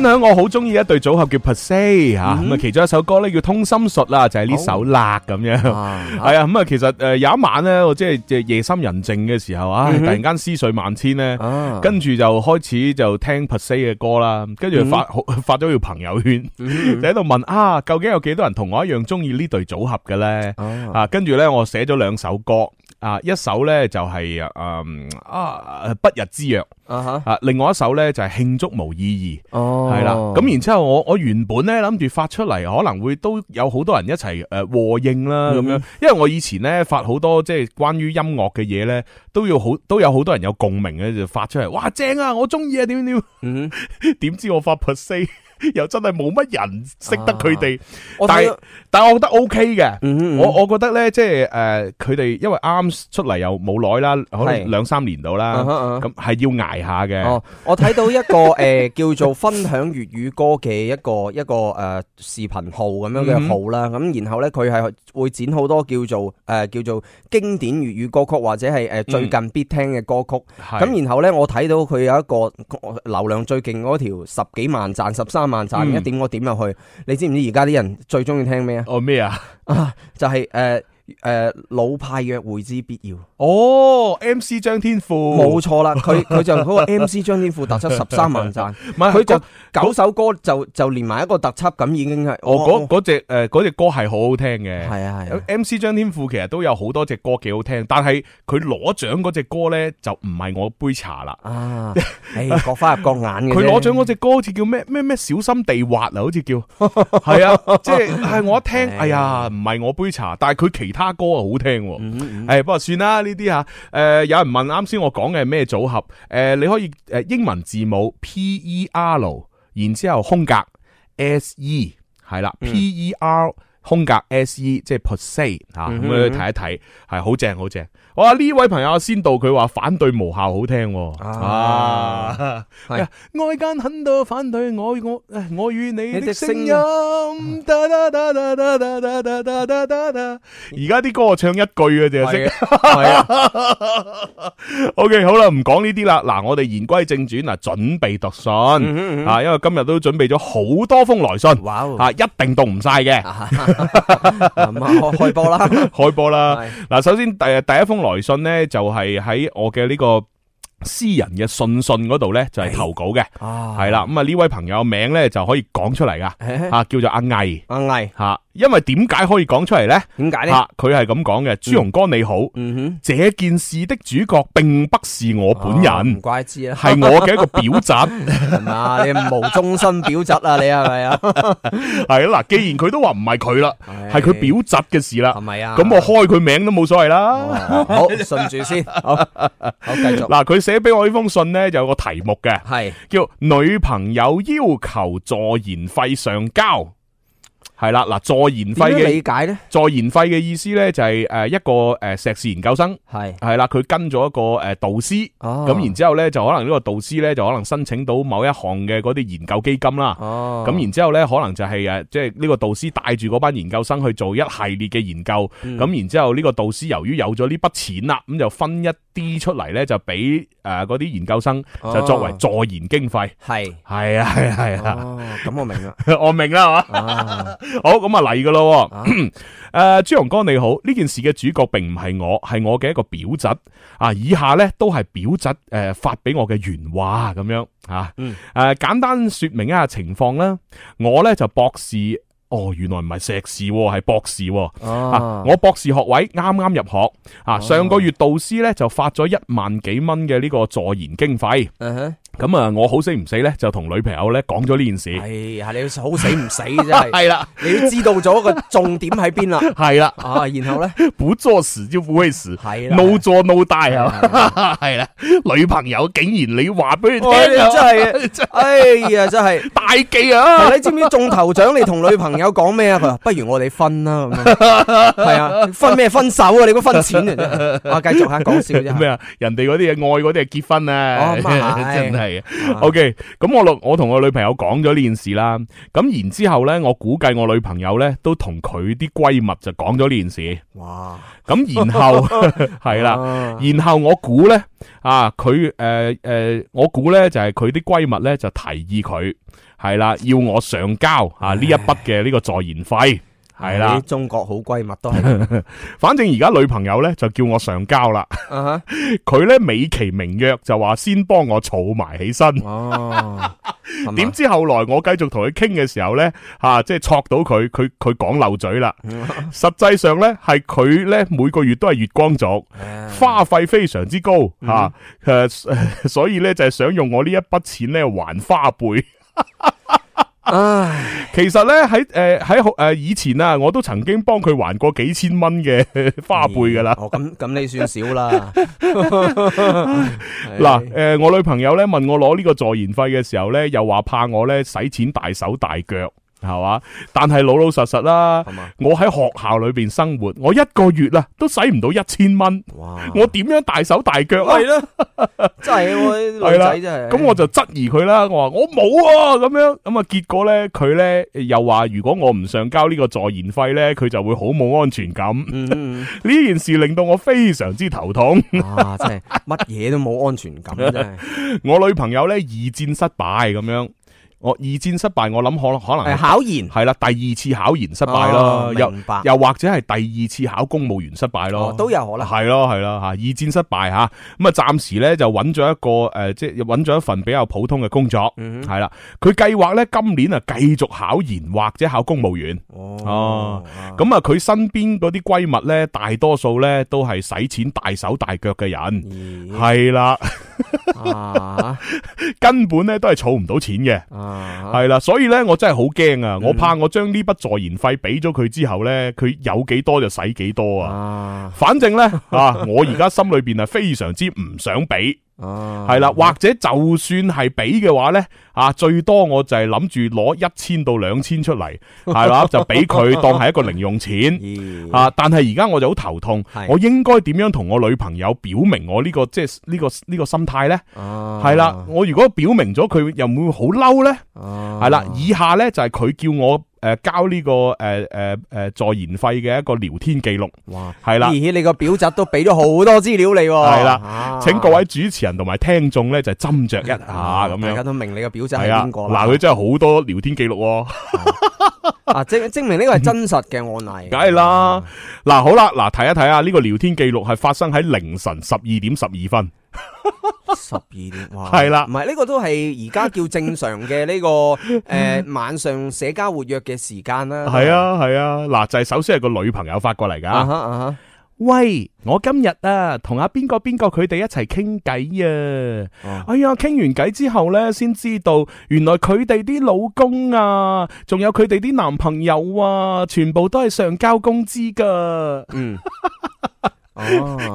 分享我好中意一對組合叫 Perse 哈、mm，咁、hmm. 啊其中一首歌咧叫《通心術》啦，就係、是、呢首辣咁樣，係啊咁啊其實誒有一晚咧，我即係即係夜深人靜嘅時候啊、mm hmm. 哎，突然間思緒萬千咧，mm hmm. 跟住就開始就聽 Perse 嘅歌啦，跟住發、mm hmm. 發咗條朋友圈，mm hmm. 就喺度問啊究竟有幾多人同我一樣中意呢對組合嘅咧、mm hmm. 啊？跟住咧我寫咗兩首歌。就是嗯、啊，一首咧就係誒啊不日之約啊吓，uh huh. 另外一首咧就係慶祝無意義哦，係啦、oh.，咁然後之後我我原本咧諗住發出嚟，可能會都有好多人一齊誒和應啦咁樣，mm hmm. 因為我以前咧發好多即係關於音樂嘅嘢咧，都要好都有好多人有共鳴嘅就發出嚟，哇正啊，我中意啊，點點，嗯，點知我發 passing 又真係冇乜人識得佢哋，但係但係我覺得 OK 嘅，我我覺得咧即係誒佢哋因為啱出嚟又冇耐啦，可能兩三年到啦，咁係要挨下嘅哦。我睇到一個誒叫做分享粵語歌嘅一個一個誒視頻號咁樣嘅號啦，咁然後咧佢係會剪好多叫做誒叫做經典粵語歌曲或者係誒最近必聽嘅歌曲，咁然後咧我睇到佢有一個流量最勁嗰條十幾萬讚十三。萬賺一點，我點入去，你知唔知而家啲人最中意聽咩啊？哦咩啊？啊，就係、是、誒。Uh 誒，老派約會之必要哦！M C 張天賦冇錯啦，佢佢就嗰個 M C 張天賦特輯十三萬讚，唔係，佢就九首歌就就連埋一個特輯咁已經係。我嗰嗰隻誒隻歌係好好聽嘅。係啊係。M C 張天賦其實都有好多隻歌幾好聽，但係佢攞獎嗰隻歌咧就唔係我杯茶啦。啊，誒，各花入各眼嘅。佢攞獎嗰隻歌好似叫咩咩咩小心地滑啊，好似叫係啊，即係我一聽，哎呀，唔係我杯茶，但係佢其他。他歌又好聽喎，嗯嗯，不過算啦呢啲嚇，誒、呃、有人問啱先我講嘅係咩組合，誒、呃、你可以誒、呃、英文字母 P E R L 然之後空格 S E 係啦，嗯，P E R L, 空格 S E 即係 percent 啊，咁你去睇一睇係好正，好正。哇！呢位朋友先到，佢話反對無效，好聽。啊，係外間很多反對我我我與你的聲音。而家啲歌我唱一句嘅就識係啊。O K 好啦，唔講呢啲啦。嗱，我哋言歸正傳嗱，準備讀信啊，因為今日都準備咗好多封來信，啊，一定讀唔晒嘅。 開播了 開波啦，開波啦。嗱，首先第第一封來信咧，就係喺我嘅呢個私人嘅信信嗰度咧，就係投稿嘅。係啦是，咁的啊呢、嗯、位朋友名咧就可以講出嚟㗎，吓的叫做阿毅，阿、啊、毅吓。啊因為點解可以講出嚟咧？點解咧？吓，佢係咁講嘅，朱雄哥你好，嗯哼，這件事的主角並不是我本人，唔怪之啦，係我嘅一個表侄，係嘛？你無中生表侄啊？你係咪啊？係啊，嗱，既然佢都話唔係佢啦，係佢表侄嘅事啦，係咪啊？咁我開佢名都冇所謂啦，好順住先，好繼續。嗱，佢寫俾我呢封信咧，有個題目嘅，係叫女朋友要求助言費上交。係啦，嗱，助研費嘅點樣理解咧？助研費嘅意思咧就係誒一個誒碩士研究生係係啦，佢是跟咗一個誒導師，咁、哦、然之後咧就可能呢個導師咧就可能申請到某一項嘅嗰啲研究基金啦，咁、哦、然之後咧可能就係誒即係呢個導師帶住嗰班研究生去做一系列嘅研究，咁、嗯、然之後呢個導師由於有咗呢筆錢啦，咁就分一。啲出嚟咧就俾誒嗰啲研究生就作為助研經費，係係啊係啊，咁、啊啊哦、我明啦， 我明啦，吓、啊， 好咁啊嚟噶咯，誒、呃、朱雄哥你好，呢件事嘅主角並唔係我，係我嘅一個表侄啊，以下咧都係表侄誒、呃、發俾我嘅原話咁樣啊，誒、嗯呃、簡單說明一下情況啦，我咧就博士。哦，原來唔係碩士，係博士。啊，啊，我博士學位啱啱入學。啊，上個月導師咧就發咗一萬幾蚊嘅呢個助研經費。啊咁啊，我好死唔死咧，就同女朋友咧講咗呢件事。係啊，你好死唔死真係。係啦，你都知道咗個重點喺邊啦。係啦，然後咧，不作死就不會死。係啦，no zuo no die 啊。係啦，女朋友竟然你話俾佢聽，真係，哎呀，真係大忌啊！你知唔知中頭獎？你同女朋友講咩啊？佢話不如我哋分啊！咁係啊，分咩？分手啊？你嗰分錢嘅啫。我繼續下講笑啫。咩啊？人哋嗰啲嘢，愛嗰啲係結婚啊。咁啊真係。OK，咁我我同我女朋友講咗呢件事啦，咁然之後咧，我估計我女朋友咧都同佢啲閨蜜就講咗呢件事，哇！咁然後係啦， 然後我估咧啊，佢誒誒，我估咧就係佢啲閨蜜咧就提議佢係啦，要我上交啊呢一筆嘅呢個助研費。係啦，哦、中國好閨蜜都係。 反正而家女朋友咧就叫我上交啦。佢咧、uh huh. 美其名曰就話先幫我儲埋起身。哦、uh，點、huh. 知後來我繼續同佢傾嘅時候咧，吓、啊、即係戳到佢，佢佢講漏嘴啦。Uh huh. 實際上咧係佢咧每個月都係月光族，花費非常之高。吓、啊，誒、uh，huh. uh, 所以咧就係、是、想用我呢一筆錢咧還花唄。 唉，其實咧喺誒喺誒以前啊，我都曾經幫佢還過幾千蚊嘅花唄噶啦。哦、嗯，咁、嗯、咁你算少啦。嗱，誒我女朋友咧問我攞呢個助燃費嘅時候咧，又話怕我咧使錢大手大腳。係嘛？但係老老實實啦，吧我喺學校裏邊生活，我一個月啦都使唔到一千蚊。哇！我點樣大手大腳，啊？係啦哇， 真係，女仔真係。咁我就質疑佢啦。我話我冇啊，咁樣咁啊。結果咧，佢咧又話如果我唔上交呢個助研費咧，佢就會好冇安全感。呢、嗯嗯、 件事令到我非常之頭痛。哇、啊！真係乜嘢都冇安全感，真係。我女朋友咧二戰失敗咁樣。我二戰失敗，我諗可可能係考研，係啦，第二次考研失敗咯，又又或者係第二次考公務員失敗咯、哦哦，都有可能，係咯係咯吓，二戰失敗吓，咁啊暫時咧就揾咗一個誒，即係揾咗一份比較普通嘅工作，係啦，佢計劃咧今年啊繼續考研或者考公務員，哦，咁、哦嗯、啊佢身邊嗰啲閨蜜咧，大多數咧都係使錢大手大腳嘅人，係啦。 根本咧都係儲唔到錢嘅，係啦、uh huh.，所以咧我真係好驚啊！我怕我將呢筆助燃費俾咗佢之後咧，佢有幾多就使幾多啊！反正咧啊，我而家心裏邊係非常之唔想俾。係啦、啊，或者就算係俾嘅話呢，啊，最多我就係諗住攞一千到兩千出嚟，係嘛， 就俾佢當係一個零用錢。啊，但係而家我就好頭痛，的我應該點樣同我女朋友表明我呢、呢個即係呢個呢、呢個呢個心態咧？係啦、啊，我如果表明咗佢，又唔會好嬲呢？哦、啊，係啦，以下呢就係、是、佢叫我。誒、呃，交呢、這個誒誒誒助言費嘅一個聊天記錄，係啦哇，而且了你個表侄都俾咗好多資料你，係啦了，啊、請各位主持人同埋聽眾咧就斟酌一下咁樣，大家都明你個表侄係邊個。嗱、啊，佢真係好多聊天記錄、哦，啊， 啊，證證明呢個係真實嘅案例，梗係啦。嗱、啊啊，好啦，嗱，睇一睇啊，呢個聊天記錄係發生喺凌晨十二點十二分。十二點哇，係啦，唔係呢個都係而家叫正常嘅呢個誒晚上社交活躍嘅時間啦。係啊，係啊，嗱就係首先係個女朋友發過嚟噶。喂，我今日啊同阿邊個邊個佢哋一齊傾偈啊。哎呀，傾完偈之後呢，先知道原來佢哋啲老公啊，仲有佢哋啲男朋友啊，全部都係上交工資噶。嗯。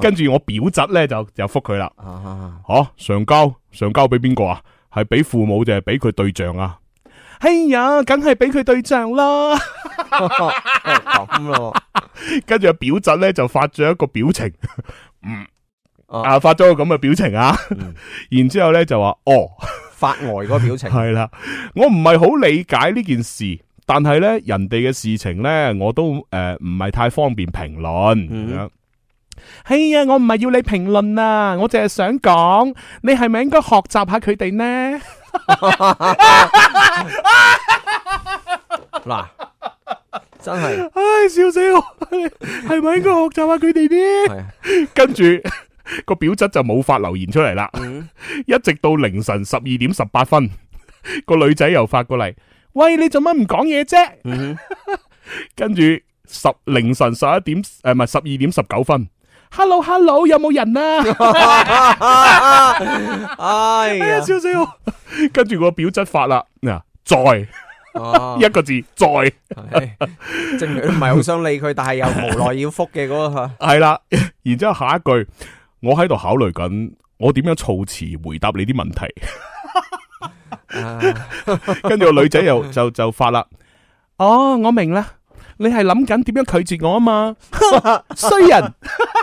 跟住、啊、我表侄咧就就復佢啦，吓、啊啊、上交上交俾邊個啊？係俾父母定係俾佢對象啊？哎呀，梗係俾佢對象啦咁咯。跟住我表侄咧就發咗一個表情，唔 啊、嗯、 發咗個咁嘅表情啊。然之後咧就話哦，發呆嗰個表情係啦，我唔係好理解呢件事，但係咧人哋嘅事情咧我都誒唔係太方便評論、嗯哎呀，我唔係要你評論啊，我淨係想講，你係咪應該學習下佢哋呢？嗱，真係，唉，笑死我，係咪應該學習下佢哋啲？跟住個表侄就冇發留言出嚟啦，mm hmm. 一直到凌晨十二點十八分，個女仔又發過嚟，喂，你做乜唔講嘢啫？Mm hmm. 跟住十凌晨十一點誒，唔係十二點十九分。Hello，Hello，hello, 有冇人啊？ 哎呀，少少，跟住個表質發啦。嗱，在、哦、 一個字，在 正唔係好想理佢，但係又無奈要復嘅嗰個係啦。 然之後下一句，我喺度考慮緊，我點樣措辭回答你啲問題？跟住個女仔又就就發啦。 哦，我明啦，你係諗緊點樣拒絕我啊嘛？衰 壞人。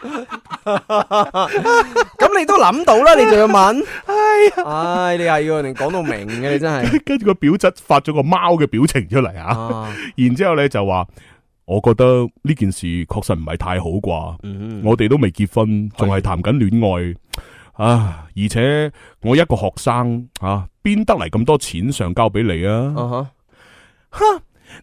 咁 你都諗到啦， 你仲要問？唉、 哎呀哎，你又要人哋講到明嘅，你真係 跟住個表侄發咗個貓嘅表情出嚟啊！然之後咧就話，我覺得呢件事確實唔係太好啩。嗯、我哋都未結婚，仲係談緊戀愛的啊！而且我一個學生啊，邊得嚟咁多錢上交俾你啊？啊哈！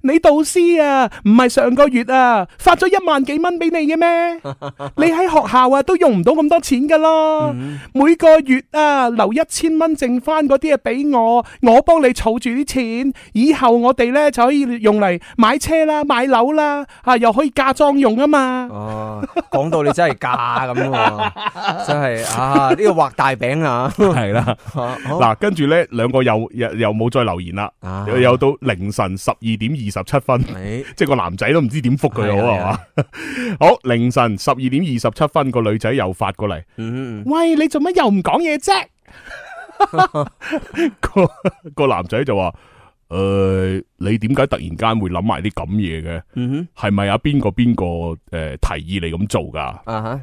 你導師啊，唔係上個月啊發咗一萬幾蚊俾你嘅咩？ 你喺學校啊都用唔到咁多錢噶咯，嗯嗯每個月啊留一千蚊剩翻嗰啲啊俾我，我幫你儲住啲錢，以後我哋呢，就可以用嚟買車啦、買樓啦，啊又可以嫁妝用啊嘛。哦、啊，講到你真係假咁樣，真係啊呢個畫大餅啊，係 啦。嗱、啊啊，跟住呢，兩個又又又冇再留言啦，又到凌晨十二點。 二十七分，哎、即係個男仔都唔知點覆佢好係嘛？好，凌晨十二點二十七分，個女仔又發過嚟，嗯哼，喂，你做乜又唔講嘢啫？個個男仔就話：，誒、呃，你點解突然間會諗埋啲咁嘢嘅？嗯哼，係咪有邊個邊個誒提議你咁做噶？啊吓哈，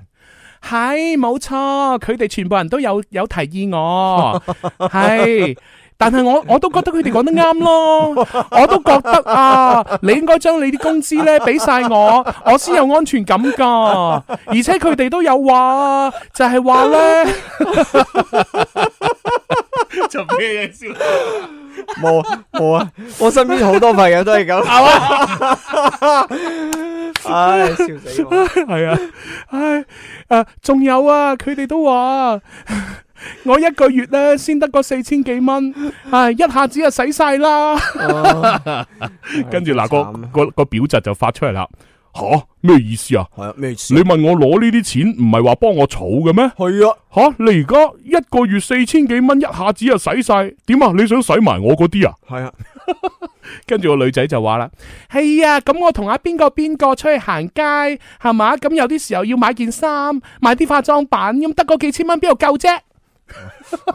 係冇錯，佢哋全部人都有有提議我，係。 但係我我都覺得佢哋講得啱咯， 我都覺得啊，你應該將你啲工資咧俾晒我，我先有安全感噶。而且佢哋都有話啊，就係話咧， 做咩嘢笑？冇啊冇啊！我身邊好多朋友都係咁。唉，笑死我！係啊，唉，誒，啊，仲有啊，佢哋都話。我一個月咧先得個四千幾蚊，係一下子就使晒啦。跟住嗱，個個個表侄就發出嚟啦，吓，咩意思啊？係咩意思？你問我攞呢啲錢唔係話幫我儲嘅咩？係啊，吓，你而家一個月四千幾蚊，一下子就使晒，點啊？你想使埋我嗰啲啊？係 啊。跟住個女仔就話啦：係啊，咁我同阿邊個邊個出去行街係嘛？咁有啲時候要買件衫，買啲化妝品，咁得嗰幾千蚊邊度夠啫？ 好，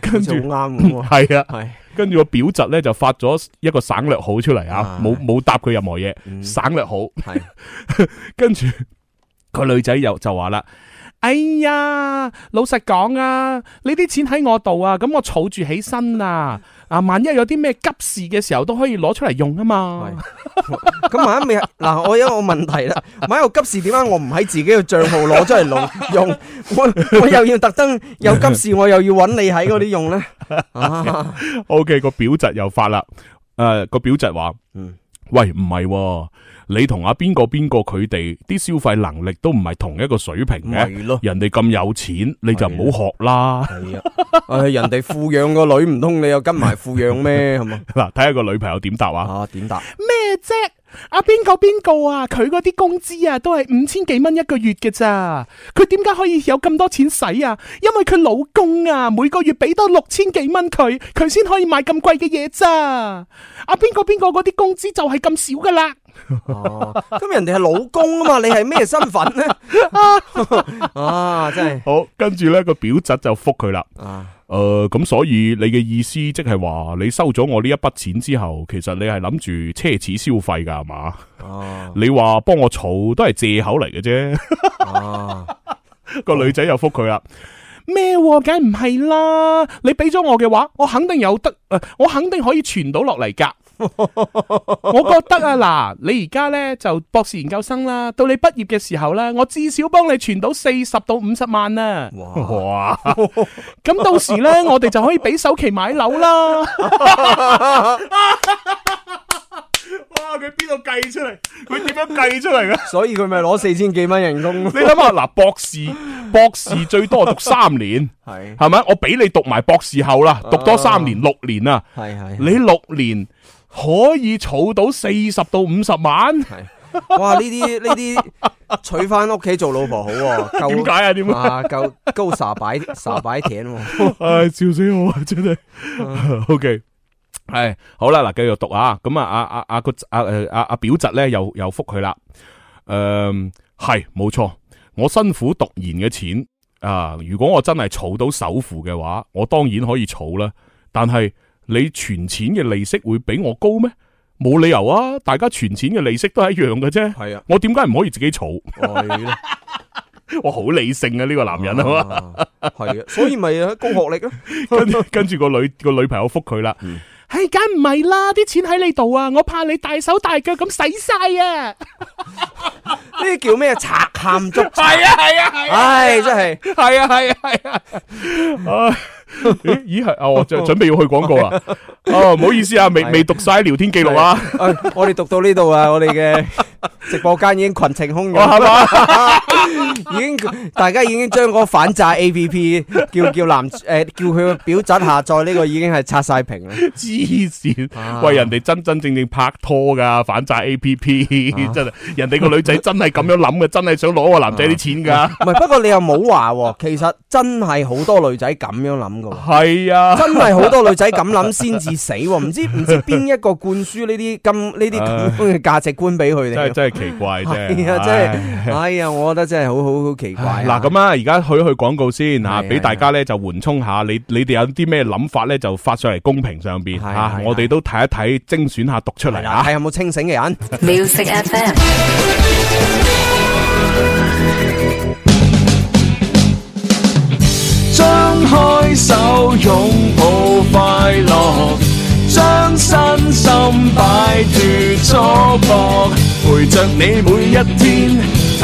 跟住好啱係啊，係、啊。啊、跟住個表侄咧就發咗一個省略號出嚟啊，冇冇答佢任何嘢，嗯、省略號。係、啊， 跟住個女仔又就話啦，哎呀，老實講啊，你啲錢喺我度啊，咁我儲住起身啊。 嗱，萬一有啲咩急事嘅時候都可以攞出嚟用啊嘛是。咁、 嗯、萬一未，嗱，我有一個問題啦。萬一有急事點解我唔喺自己嘅賬號攞出嚟用，我我又要特登有急事，我又要揾你喺嗰啲用咧。OK，個表侄又發啦。誒、呃，個表侄話：，嗯，喂，唔係喎。你同阿邊個邊個佢哋啲消費能力都唔係同一個水平嘅，係咯？人哋咁有錢，你就唔好學啦。係啊，係人哋富養個女，唔通你又跟埋富養咩？係嘛嗱，睇下個女朋友點答啊？啊，點答咩啫？阿邊個邊個啊？佢嗰啲工資啊，都係五千幾蚊一個月嘅咋？佢點解可以有咁多錢使啊？因為佢老公啊，每個月俾多六千幾蚊佢，佢先可以買咁貴嘅嘢咋？阿邊個邊個嗰啲工資就係咁少噶啦。哦，咁人哋係老公啊嘛， 你係咩身份咧？ 啊，真係好，跟住咧個表侄就覆佢啦。誒、啊，咁、呃、所以你嘅意思即係話你收咗我呢一筆錢之後，其實你係諗住奢侈消費噶係嘛？哦，啊、你話幫我儲都係借口嚟嘅啫。個女仔又覆佢啦，咩、啊？梗唔係啦？你俾咗我嘅話，我肯定有得誒、呃，我肯定可以傳到落嚟噶。 我覺得啊，嗱，你而家咧就博士研究生啦，到你畢業嘅時候咧，我至少幫你存到四十到五十萬啦。哇！咁 到時咧，我哋就可以俾首期買樓啦。 哇！佢邊度計出嚟？佢點樣計出嚟嘅？ 所以佢咪攞四千幾蚊人工？ 你諗下，嗱，博士博士最多讀三年，係係咪？我俾你讀埋博士後啦，讀多三年、啊、六年啊，係係，你六年。 可以儲到四十到五十萬，係 哇！呢啲呢啲娶翻屋企做老婆好，點解啊？點啊？夠高 傻擺傻擺田、啊，係, 哎、笑死我真係。 OK，係、哎、好啦，嗱，繼續讀啊。咁啊，阿阿阿個阿誒阿阿表侄咧，又又覆佢啦。誒、嗯，係冇錯，我辛苦讀研嘅錢啊，如果我真係儲到首付嘅話，我當然可以儲啦。但係。你存錢嘅利息會比我高咩？冇理由啊！大家存錢嘅利息都係一樣嘅啫。係啊的，我點解唔可以自己儲？我好理性啊！呢個男人係係啊，所以咪高學歷啊，跟住個女個女朋友復佢啦。嘿，梗唔係啦，啲錢喺你度啊，我怕你大手大腳咁使晒啊！呢叫咩？賊喊捉賊啊！係啊！係啊！真係，係啊！係啊！係啊！ 咦咦係，我、哦、就準備要去廣告啦。 哦，唔好意思啊，未未讀晒聊天記錄啊。我哋讀到呢度啊， 我哋嘅直播間已經群情洶湧、 哦、係嘛。 已經大家已經將個反詐 A P P 叫叫男誒叫佢個表侄下載呢個已經係刷晒屏啦。痴線喂，人哋真真正正拍拖噶反詐 A P P，真係人哋個女仔真係咁樣諗嘅，真係想攞個男仔啲錢噶。唔係，不過你又冇話，其實真係好多女仔咁樣諗噶。係啊，真係好多女仔咁諗先至死，唔知唔知邊一個灌輸呢啲咁呢啲咁嘅價值觀俾佢哋。真係奇怪啫，真係，哎呀，我覺得真係好。好奇怪！嗱咁唉的啊，而家去去廣告先吓、啊，俾的大家咧就緩衝下。你你哋有啲咩諗法咧，就發上嚟公屏上邊吓，我哋都睇一睇，精選下讀出嚟吓、啊。係有冇清醒嘅人 ？Music FM。張開手，擁抱快樂，將身心擺脫束縛，陪着你每一天。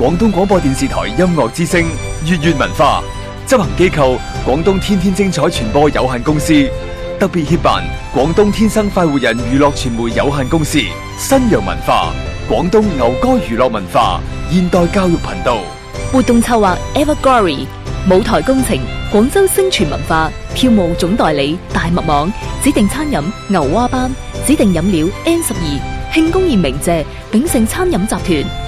廣東廣播電視台音樂之聲粵粵文化執行機構廣東天天精彩傳播有限公司，特別協辦廣東天生快活人娛樂傳媒有限公司、新陽文化、廣東牛歌娛樂文化、現代教育頻道，活動策劃 Ever Glory 舞台工程、廣州星傳文化，票務總代理大麥網，指定餐飲牛蛙班，指定飲料 N 十二慶功宴，鳴謝炳勝餐飲集團。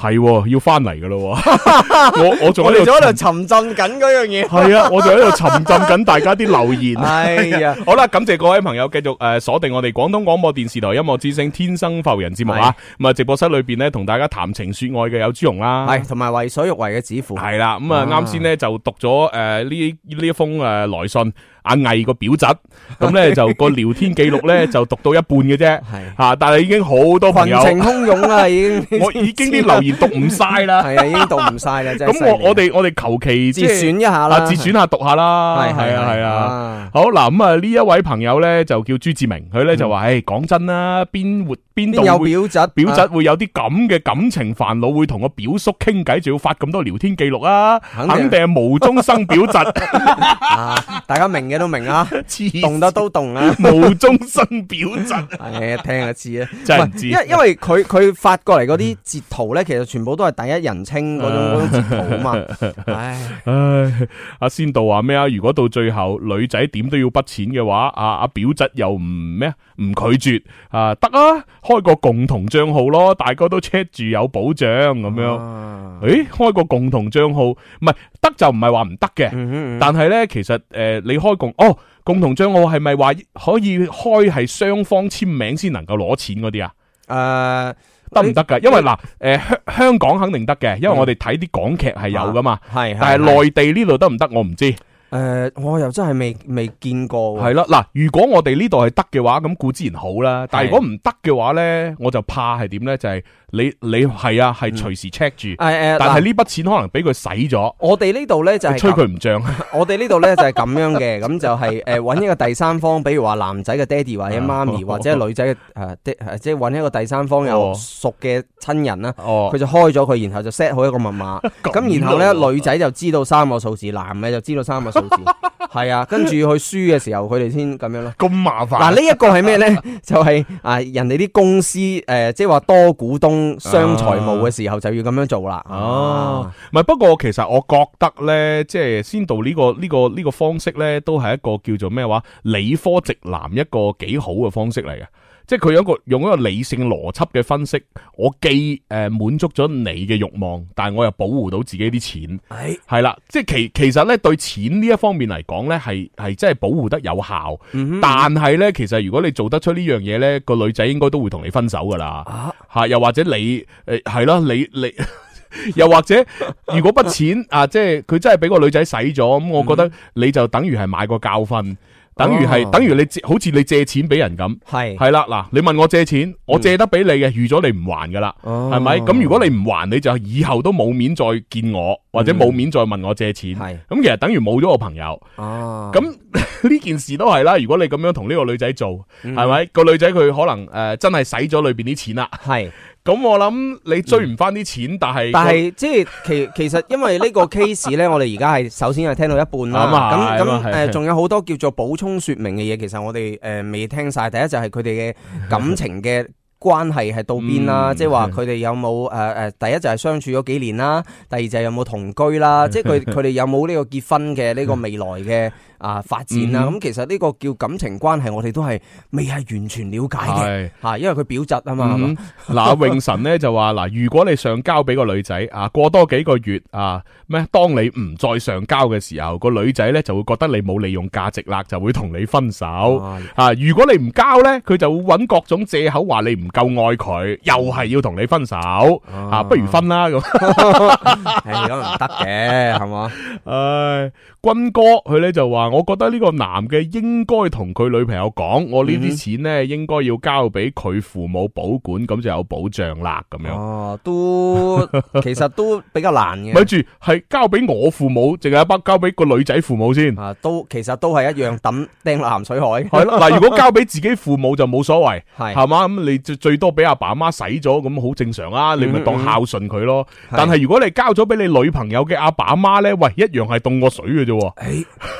係，要翻嚟噶咯。我 我仲 我哋仲喺度沉浸緊嗰樣嘢。係啊，我仲喺度沉浸緊大家啲留言。係啊。 好啦，感謝各位朋友繼續誒鎖定我哋廣東廣播電視台音樂之聲《天生浮人》節目啊。咁啊，直播室裏邊咧同大家談情說愛嘅有朱紅啦，係同埋為所欲為嘅指扶。係啦，咁、嗯、啊，啱先咧就讀咗誒呢呢一封誒來信。阿魏個表侄，咁咧就個聊天記錄咧就讀到一半嘅啫，吓，但係已經好多朋友群情洶湧啦，已經我已經啲留言讀唔晒啦，係啊，已經讀唔晒啦，咁我我哋我哋求其自選一下啦，自選下讀下啦，係啊係啊，好嗱，咁啊呢一位朋友咧就叫朱志明，佢咧就話，誒講真啦，邊活邊有表侄，表侄會有啲咁嘅感情煩惱，會同我表叔傾偈，仲要發咁多聊天記錄啊，肯定係無中生表侄，大家明。嘅都明啦，動得都動啦，無中生表質，係聽啊知啊，真係知。因因為佢佢發過嚟嗰啲截圖咧，其實全部都係第一人稱嗰種截圖啊嘛。唉，阿仙道話咩啊？如果到最後女仔點都要筆錢嘅話，阿阿表質又唔咩唔拒絕啊？得啊，開個共同賬號咯，大家都 check 住有保障咁樣。誒，開個共同賬號唔係得就唔係話唔得嘅，但係咧其實誒，你開。共哦，共同賬戶係咪話可以開係雙方簽名先能夠攞錢嗰啲啊？誒、呃，得唔得噶？因為嗱，誒香、呃呃、香港肯定得嘅，嗯、因為我哋睇啲港劇係有噶嘛。係、啊，但係內地呢度得唔得？啊、行行我唔知。誒、呃，我又真係未未見過。係啦，嗱、呃，如果我哋呢度係得嘅話，咁固之然好啦。但係如果唔得嘅話咧，我就怕係點咧？就係、是。你你係啊，係隨時 check 住，誒誒，但係呢筆錢可能俾佢使咗。我哋呢度咧就係吹佢唔漲。我哋呢度咧就係咁樣嘅，咁就係誒揾一個第三方，比如話男仔嘅爹哋或者媽咪，或者女仔嘅誒即係揾一個第三方有熟嘅親人啦。哦，佢就開咗佢，然後就 set 好一個密碼。咁然後咧女仔就知道三個數字，男嘅就知道三個數字，係啊。跟住佢輸嘅時候，佢哋先咁樣咯。咁麻煩嗱呢一個係咩咧？就係啊人哋啲公司誒，即係話多股東。商財務嘅時候就要咁樣做啦。哦、啊，唔係、啊，不過其實我覺得咧，即係先導呢、呢個呢、呢個呢、呢個方式咧，都係一個叫做咩話理科直男一個幾好嘅方式嚟嘅。即係佢有個用一個理性邏輯嘅分析，我既誒滿、呃、足咗你嘅欲望，但係我又保護到自己啲錢，係係啦，即係其其實咧對錢呢一方面嚟講咧係係真係保護得有效，嗯、哼但係咧其實如果你做得出呢樣嘢咧，個女仔應該都會同你分手噶啦，吓、啊、又或者你誒係咯，你你 又或者如果筆錢啊，即係佢真係俾個女仔使咗，嗯、哼我覺得你就等於係買個教訓。等於係，oh. 等於你借，好似你借錢俾人咁，係係啦，嗱，你問我借錢，嗯、我借得俾你嘅，預咗你唔還噶啦，係咪、oh.？咁如果你唔還，你就以後都冇面再見我，或者冇面再問我借錢，係咁、嗯，是其實等於冇咗我朋友。哦、oh. 那，咁呢件事都係啦，如果你咁樣同呢個女仔做，係咪、嗯？那個女仔佢可能誒、呃，真係使咗裏邊啲錢啦，係、嗯。咁我諗你追唔翻啲錢，但係但係即係其實其，其實因為個呢個 case 咧，我哋而家係首先係聽到一半啦，咁咁誒，仲、呃、 有好多叫做補充說明嘅嘢，其實我哋誒、呃、未聽晒。第一就係佢哋嘅感情嘅關係係到邊啦，即係話佢哋有冇誒誒，第一就係相處咗幾年啦，第二就係有冇同居啦，即係佢佢哋有冇呢個結婚嘅呢、呢個未來嘅。嗯啊發展啊，咁、啊、其實呢個叫感情關係，我哋都係未係完全了解嘅吓。的因為佢表質啊嘛。嗱的，泳神咧就話嗱，如果你上交俾個女仔啊，過多幾個月啊咩，當你唔再上交嘅時候，那個女仔咧就會覺得你冇利用價值啦，就會同你分手吓。啊啊、如果你唔交咧，佢就會揾各種借口話你唔夠愛佢，又係要同你分手吓、啊，不如分啦咁。誒、啊，可能得嘅係嘛？誒，軍、 哎、哥佢咧就話。我覺得呢個男嘅應該同佢女朋友講，我呢啲錢呢應該要交俾佢父母保管，咁就有保障啦。咁樣哦、啊，都其實都比較難嘅。咪住， 係交俾我父母，定係一筆交俾個女仔父母先啊？都其實都係一樣，抌掟鹹水海係啦。嗱， 如果交俾自己父母就冇所謂，係嘛，咁你就最多俾阿爸阿媽使咗，咁好正常啦。你咪當孝順佢咯。嗯嗯嗯、但係如果你交咗俾你女朋友嘅阿爸阿媽咧，喂，一樣係凍過水嘅啫。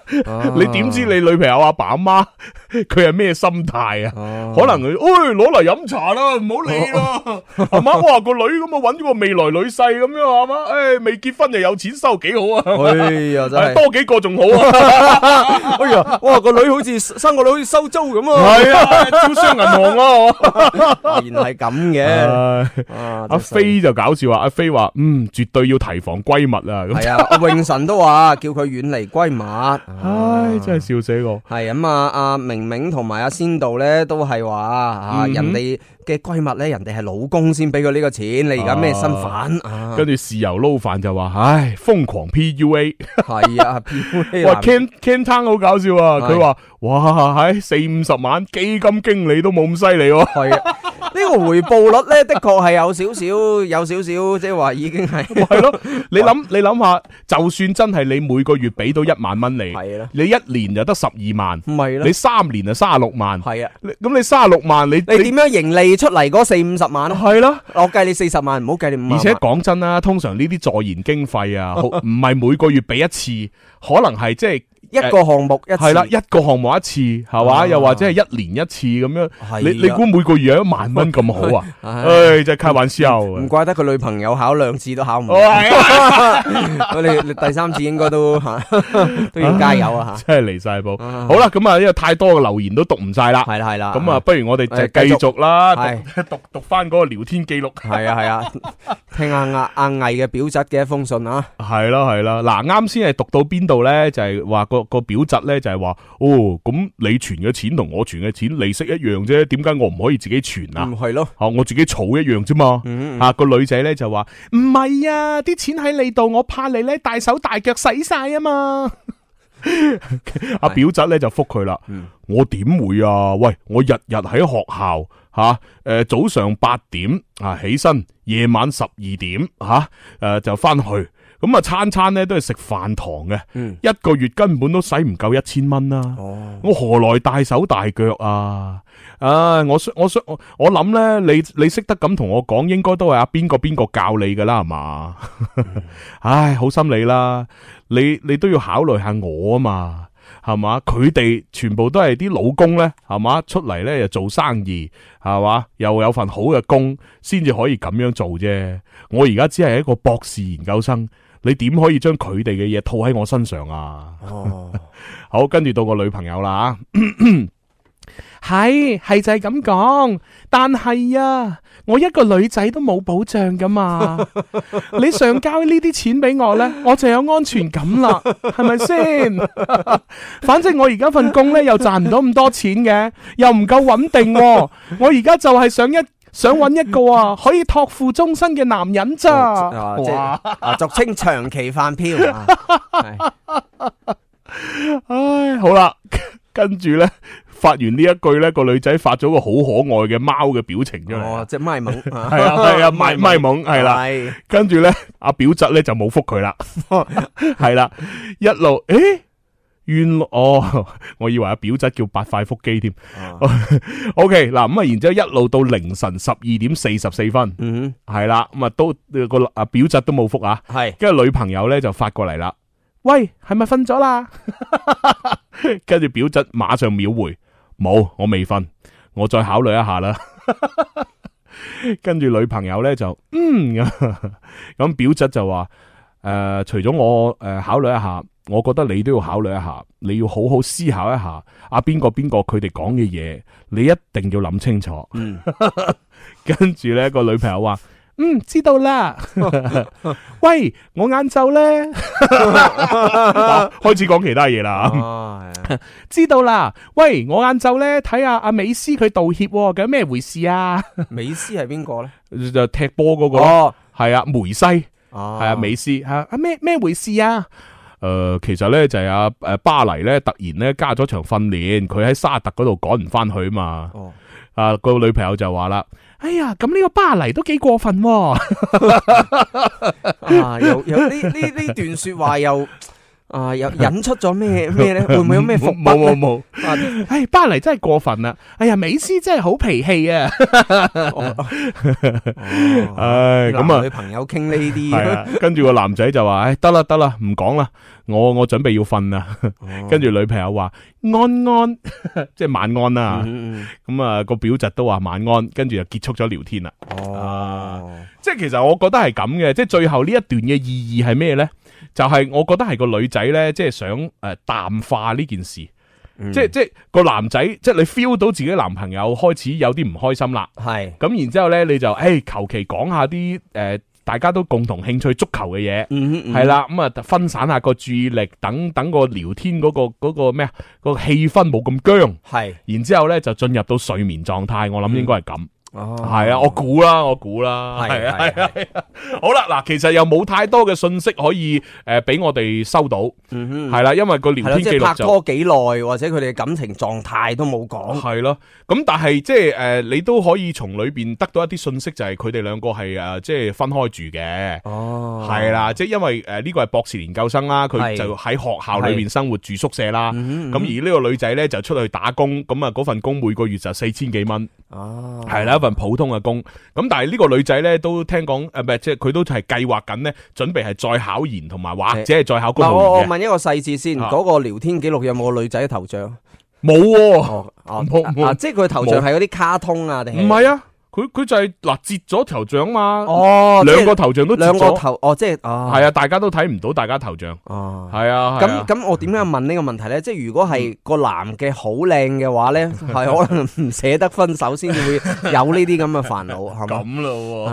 Uh, 你點知你女朋友阿爸阿媽佢係咩心態啊？Uh, 可能佢誒攞嚟飲茶啦，唔好理啦。阿媽話個女咁啊，搵咗個未來女婿咁樣，阿媽誒未結婚就有錢收，幾好啊！哎呀，真係多幾個仲好啊！ 哎呀，哇個女好似生個女好似收租咁啊！係啊，招商銀行啊， 原來係咁嘅。阿飛就搞笑話，阿飛話嗯絕對要提防閨蜜啊。係、 嗯、啊，阿永臣都話叫佢遠離閨蜜。唉，真係笑死我！係咁、嗯、啊，阿明明同埋阿仙道咧，都係話啊，人哋、嗯。嘅閨蜜咧，人哋係老公先俾佢呢個錢，你而家咩身份啊？跟住豉油撈飯就話：唉，瘋狂 PUA，係啊，哇，Ken Ken Tan 好搞笑啊！佢話：哇，係四五十萬基金經理都冇咁犀利喎。係啊，呢個回報率咧，的確係有少少，有少少，即係話已經係係咯。你諗你諗下，就算真係你每個月俾到一萬蚊你，係啦，你一年就得十二萬，唔係你三年就三十六萬，係啊。咁你三十六萬你你點樣盈利？你出嚟嗰四五十萬，係咯的，我計你四十萬，唔好計你五十萬。而且講真啦，通常呢啲助研經費啊，唔係每個月俾一次， 可能係即係。就是一個項目一次係啦，一個項目一次，係嘛？又或者係一年一次咁樣。你你估每個月一萬蚊咁好啊？唉，就開玩笑啊！唔怪得個女朋友考兩次都考唔到。我係啊！你你第三次應該都吓都要加油啊！吓，真係嚟晒波。好啦，咁啊，因為太多嘅留言都讀唔晒啦。係啦係啦，咁啊，不如我哋就繼續啦，讀讀讀翻嗰個聊天記錄。係啊係啊，聽下阿阿毅嘅表侄嘅一封信啊。係啦係啦，嗱，啱先係讀到邊度咧？就係話個。個表侄咧就係話，哦，咁你存嘅錢同我存嘅錢利息一樣啫，點解我唔可以自己存啊？係咯、嗯，吓我自己儲一樣啫嘛。嗯嗯、啊，個女仔咧就話唔係啊，啲錢喺你度，我怕你咧大手大腳使晒啊嘛。阿、 啊、表侄咧就復佢啦，嗯、我點會啊？喂，我日日喺學校吓，誒、啊呃、早上八點啊起身，夜晚十二點吓誒、啊啊、就翻去。咁啊，餐餐咧都係食飯堂嘅，嗯、一個月根本都使唔夠一千蚊啦、啊。哦、我何來大手大腳啊？啊，我我我我諗咧，你你識得咁同我講，應該都係阿邊個邊個教你噶啦，係嘛？嗯、 唉，好心理啦，你你都要考慮下我啊嘛，係嘛？佢哋全部都係啲老公咧，係嘛？出嚟咧又做生意，係嘛？又有份好嘅工，先至可以咁樣做啫。我而家只係一個博士研究生。你點可以將佢哋嘅嘢套喺我身上啊？Oh. 好，跟住到個女朋友啦，吓，係 係就係咁講，但係啊，我一個女仔都冇保障噶嘛， 你上交呢啲錢俾我呢，我就有安全感啦，係咪先？ 反正我而家份工呢，又賺唔到咁多錢嘅，又唔夠穩定，啊，我而家就係想一。想揾一個啊，可以托付終身嘅男人咋，哦？啊，即哇俗稱長期飯票，啊。 唉，好啦，跟住咧發完呢一句咧，個女仔發咗個好可愛嘅貓嘅表情出嚟。哦，隻咪懵，係啊係啊，咪咪懵係啦。 跟住咧，阿、啊、表侄咧就冇覆佢啦。係啦，一路誒。怨、哦、我，以為阿表侄叫八塊腹肌添。O K 嗱，咁啊， okay，然之後一路到凌晨十二點四十四分，嗯哼，係啦，咁啊，都個阿表侄都冇覆啊，係是，跟住女朋友咧就發過嚟啦，喂，係咪瞓咗啦？跟 住表侄馬上秒回，冇，我未瞓，我再考慮一下啦。跟住女朋友咧就嗯咁， 表侄就話誒、呃，除咗我誒、呃，考慮一下。我覺得你都要考慮一下，你要好好思考一下。阿邊個邊個佢哋講嘅嘢，你一定要諗清楚。嗯， 跟住咧個女朋友話：嗯，知道啦、 啊。 喂，我晏晝咧開始講其他嘢啦。知道啦。喂，我晏晝咧睇下阿美斯佢道歉，咁咩回事啊？ 美斯係邊個咧？就踢波嗰個咯，係啊，梅西，係啊，啊，美斯吓，阿咩咩回事啊？誒、呃，其實咧就係阿誒巴黎咧，突然咧加咗場訓練，佢喺沙特嗰度趕唔翻去啊嘛。哦、啊，個女朋友就話啦：，哎呀，咁呢個巴黎都幾過分、啊。有有呢呢呢段說話又。 啊！又引出咗咩咩咧？會唔會有咩伏筆咧？冇冇冇！唉、哎，巴黎真係過分啦、啊！哎呀，美斯真係好脾氣啊！唉，咁啊，女朋友傾呢啲，跟住個男仔就話：，唉、哎，得啦得啦，唔講啦，我我準備要瞓啦。跟 住、哦、女朋友話：安安， 即係晚安啦。咁啊，個、嗯嗯嗯、表侄都話晚安，跟住就結束咗聊天啦。哦，啊、即係其實我覺得係咁嘅，即係最後呢一段嘅意義係咩咧？就係我覺得係個女仔咧，即、就、係、是、想誒、呃、淡化呢件事，嗯、即係即係個男仔，即係你 feel 到自己男朋友開始有啲唔開心啦，係咁是然之後咧，你就誒求其講下啲誒、呃、大家都共同興趣足球嘅嘢，係、嗯哼嗯、啦咁啊、嗯、分散下個注意力，等等個聊天嗰、嗰個、嗰個咩啊、個氣氛冇咁僵，係是然之後咧就進入到睡眠狀態，我諗應該係咁。嗯嗯。哦，係啊，我估啦，我估啦，係啊，係啊，好啦，嗱，其實又冇太多嘅信息可以誒俾我哋收到，係啦，因為個聊天記錄就即係拍拖幾耐，或者佢哋嘅感情狀態都冇講，係咯，咁但係即係誒，你都可以從裏邊得到一啲信息，就係佢哋兩個係誒即係分開住嘅，哦，係啦，即係因為誒呢個係博士研究生啦，佢就喺學校裏邊生活住宿舍啦，咁而呢個女仔咧就出去打工，咁啊嗰份工每個月就四千幾蚊，哦，係啦。份普通嘅工，咁但係呢個女仔咧都聽講誒，唔係即係佢都係計劃緊咧，準備係再考研同埋或者係再考公務員。我問一個細節先，嗰、啊、個聊天記錄有冇個女仔嘅頭像？冇，啊，有即係佢頭像係嗰啲卡通啊？定唔係啊？佢佢就係嗱截咗頭像嘛，哦，兩個頭像都截咗頭，哦，即係哦，係啊，大家都睇唔到大家頭像，哦，係啊，咁咁我點樣問呢個問題咧？即係如果係個男嘅好靚嘅話咧，係可能唔捨得分手先至會有呢啲咁嘅煩惱，係嘛？咁咯，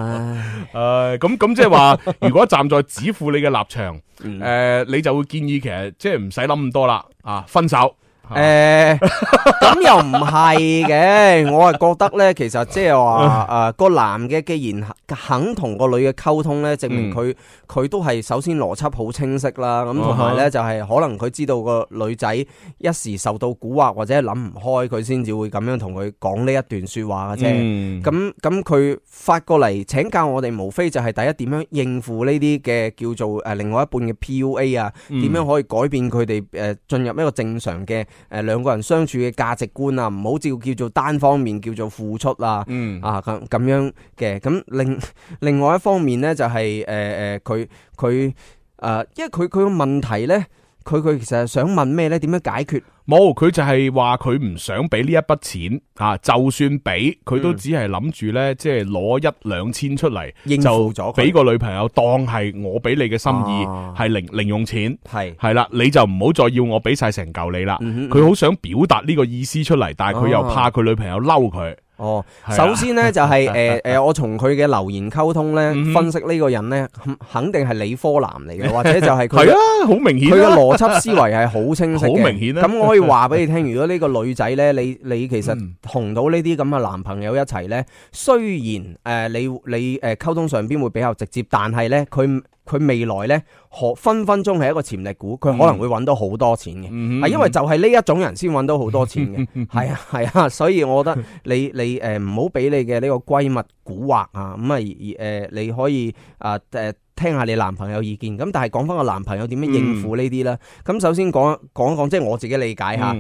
誒，咁咁即係話，如果站在指負你嘅立場，誒，你就會建議其實即係唔使諗咁多啦，啊，分手。誒，咁、 呃、又唔係嘅， 我係覺得呢，其實即係話誒個男嘅既然肯，肯同個女嘅溝通呢，證明佢佢、嗯、都係首先邏輯好清晰啦。咁同埋呢，嗯、就係可能佢知道個女仔一時受到蠱惑或者係諗唔開，佢先至會咁樣同佢講呢一段說話嘅啫。咁咁佢發過嚟請教我哋，無非就係第一點樣應付呢啲嘅叫做誒另外一半嘅 PUA 啊？點樣可以改變佢哋誒進入一個正常嘅？誒，兩個人相處嘅價值觀啊，唔好照叫做單方面叫做付出啊，嗯，啊咁咁樣嘅，咁另另外一方面咧就係誒誒，佢佢誒，因為佢佢嘅問題咧。佢佢其實係想問咩呢？點樣解決？冇，佢就係話佢唔想俾呢一筆錢啊！就算俾，佢都只係諗住呢，即係攞一兩千出嚟應、嗯、付咗，俾個女朋友當係我俾你嘅心意，係零、啊、零用錢，係係啦，你就唔好再要我俾晒成嚿你啦。佢好、嗯嗯、想表達呢個意思出嚟，但係佢又怕佢女朋友嬲佢。啊。哦，啊、首先咧，就係誒誒，我從佢嘅留言溝通咧，分析呢個人咧，肯定係理科男嚟嘅，或者就係佢係啊，好明顯、啊，佢嘅邏輯思維係好清晰，好 明顯、啊。咁我可以話俾你聽， 如果呢個女仔咧，你你其實同到呢啲咁嘅男朋友一齊咧，雖然誒、呃、你你誒溝通上邊會比較直接，但係咧佢。佢未來呢，可分分鐘係一個潛力股，佢可能會揾到好多錢嘅，係、嗯、因為就係呢一種人先揾到好多錢嘅，係、嗯、啊係啊，啊，所以我覺得你你誒唔好俾你嘅呢個閨蜜蠱惑啊，咁啊誒你可以啊誒、呃、聽下你男朋友意見，咁但係講翻個男朋友點樣應付呢啲呢？咁、嗯、首先講講一講，即係我自己理解下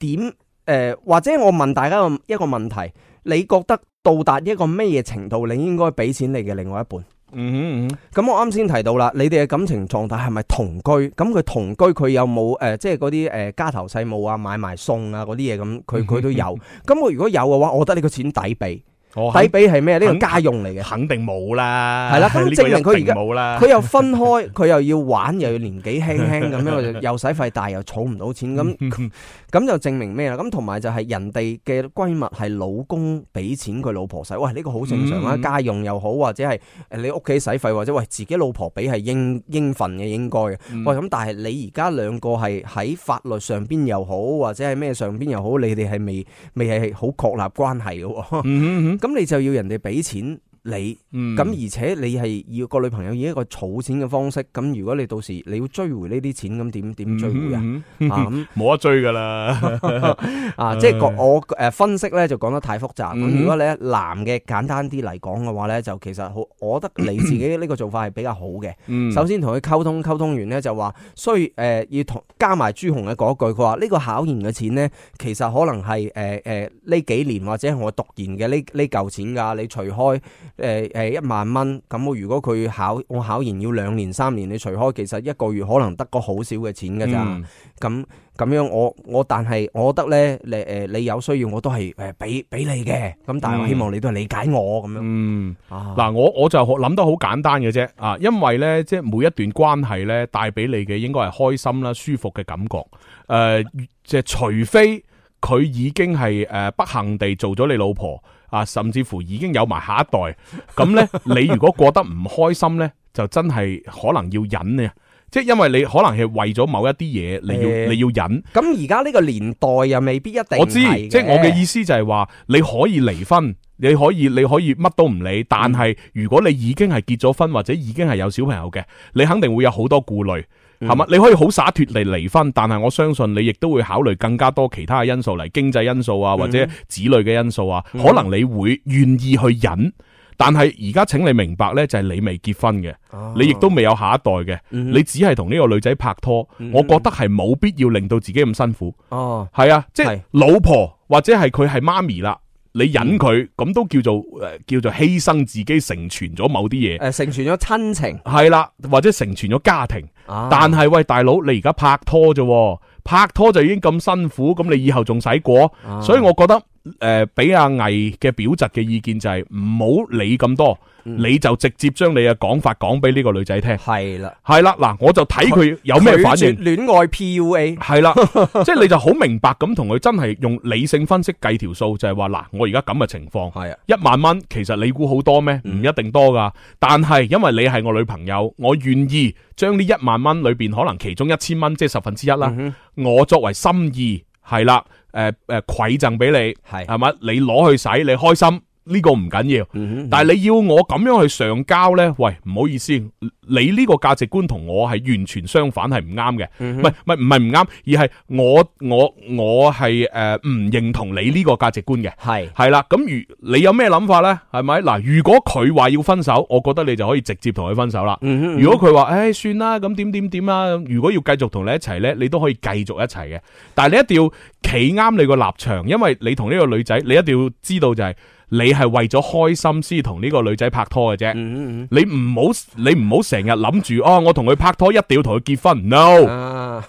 點誒、嗯呃、或者我問大家一個一個問題，你覺得到達一個咩嘢程度，你應該俾錢你嘅另外一半？嗯嗯，咁我啱先提到啦，你哋嘅感情狀態係咪同居？咁佢同居有有，佢有冇誒，即係嗰啲誒家頭細務啊、買埋餸啊嗰啲嘢咁？佢佢、嗯、哼都有。咁我如果有嘅話，我覺得你個錢抵俾。抵俾係咩？呢個家用嚟嘅，肯定冇啦。係啦，咁證明佢而家冇啦，佢又分開，佢又要玩，又要年紀輕輕咁樣，又使費大，又儲唔到錢，咁咁就證明咩啦？咁同埋就係人哋嘅閨蜜係老公俾錢佢老婆使，喂呢個好正常啊！家用又好，或者係誒你屋企使費，或者喂自己老婆俾係應應份嘅，應該嘅。喂咁，但係你而家兩個係喺法律上邊又好，或者係咩上邊又好，你哋係未未係好確立關係嘅。咁你就要人哋俾錢。你咁、嗯、而且你係要個女朋友以一個儲錢嘅方式咁，如果你到時你要追回呢啲錢，咁點點追回追 啊？冇得追噶啦！啊，即係我誒分析咧就講得太複雜。咁、嗯、如果你男嘅簡單啲嚟講嘅話咧，就其實好，我覺得你自己呢個做法係比較好嘅。嗯、首先同佢溝通溝通完咧，就話需誒要同加埋朱紅嘅嗰一句，佢話呢個考研嘅錢咧，其實可能係誒誒呢幾年或者係我讀研嘅呢呢舊錢噶，你除開。誒誒、呃呃、一萬蚊，咁我如果佢考我考研要兩年三年，你除開其實一個月可能得個好少嘅錢㗎咋，咁咁、嗯、樣，樣我我但係我覺得咧，誒誒、呃、你有需要我都係誒俾俾你嘅，咁但係我希望你都係理解我咁樣。嗯，嗱、啊，我我就諗得好簡單嘅啫啊，因為咧即係每一段關係咧帶俾你嘅應該係開心啦、舒服嘅感覺，誒、呃、即係除非佢已經係誒不幸地做咗你老婆。啊，甚至乎已經有埋下一代，咁呢， 你如果過得唔開心呢，就真係可能要忍啊！即係因為你可能係為咗某一啲嘢，你要、欸、你要忍。咁而家呢個年代又未必一定。我知，即係我嘅意思就係話，你可以離婚，你可以你可以乜都唔理，但係如果你已經係結咗婚或者已經係有小朋友嘅，你肯定會有好多顧慮。係嘛？你可以好灑脫嚟離婚，但係我相信你亦都會考慮更加多其他嘅因素嚟，經濟因素啊，或者子女嘅因素啊，嗯、哼可能你會願意去忍。但係而家請你明白咧，就係你未結婚嘅，哦、你亦都未有下一代嘅，嗯、哼你只係同呢個女仔拍拖。嗯、哼我覺得係冇必要令到自己咁辛苦。哦，係啊，即係是老婆或者係佢係媽咪啦。你忍佢咁都叫做誒，叫做犧牲自己成全咗某啲嘢。誒、呃，成全咗親情係啦，或者成全咗家庭。但係喂，大佬，你而家拍拖啫，拍拖、啊、就已經咁辛苦，咁你以後仲使過？所以我覺得。誒，俾、呃、阿魏嘅表侄嘅意見就係唔好理咁多，嗯、你就直接將你嘅講法講俾呢個女仔聽。係啦的，係啦，嗱，我就睇佢有咩反應。戀愛 PUA 係啦，即 係、就是、你就好明白咁同佢真係用理性分析計條數，就係話嗱，我而家咁嘅情況，係啊的，一萬蚊，其實你估好多咩？唔一定多㗎，但係因為你係我女朋友，我願意將呢一萬蚊裏邊可能其中一千蚊，即、就、係、是、十分之一啦，嗯、哼我作為心意，係啦。誒誒，饋、呃呃、贈俾你係，係嘛的？你攞去使，你開心。呢個唔緊要，嗯、哼但係你要我咁樣去上交呢？喂，唔好意思，你呢個價值觀同我係完全相反，係唔啱嘅。唔係唔係唔啱，而係我我我係誒唔認同你呢個價值觀嘅。係係啦，咁如你有咩諗法呢？係咪嗱？如果佢話要分手，我覺得你就可以直接同佢分手啦。嗯、哼如果佢話誒算啦，咁點點點啊？如果要繼續同你一齊呢，你都可以繼續一齊嘅。但係你一定要企啱你個立場，因為你同呢個女仔，你一定要知道就係、是。你係為咗開心先同呢個女仔拍拖嘅啫，你唔好你唔好成日諗住哦，我同佢拍拖一定要同佢結婚。No，誒、啊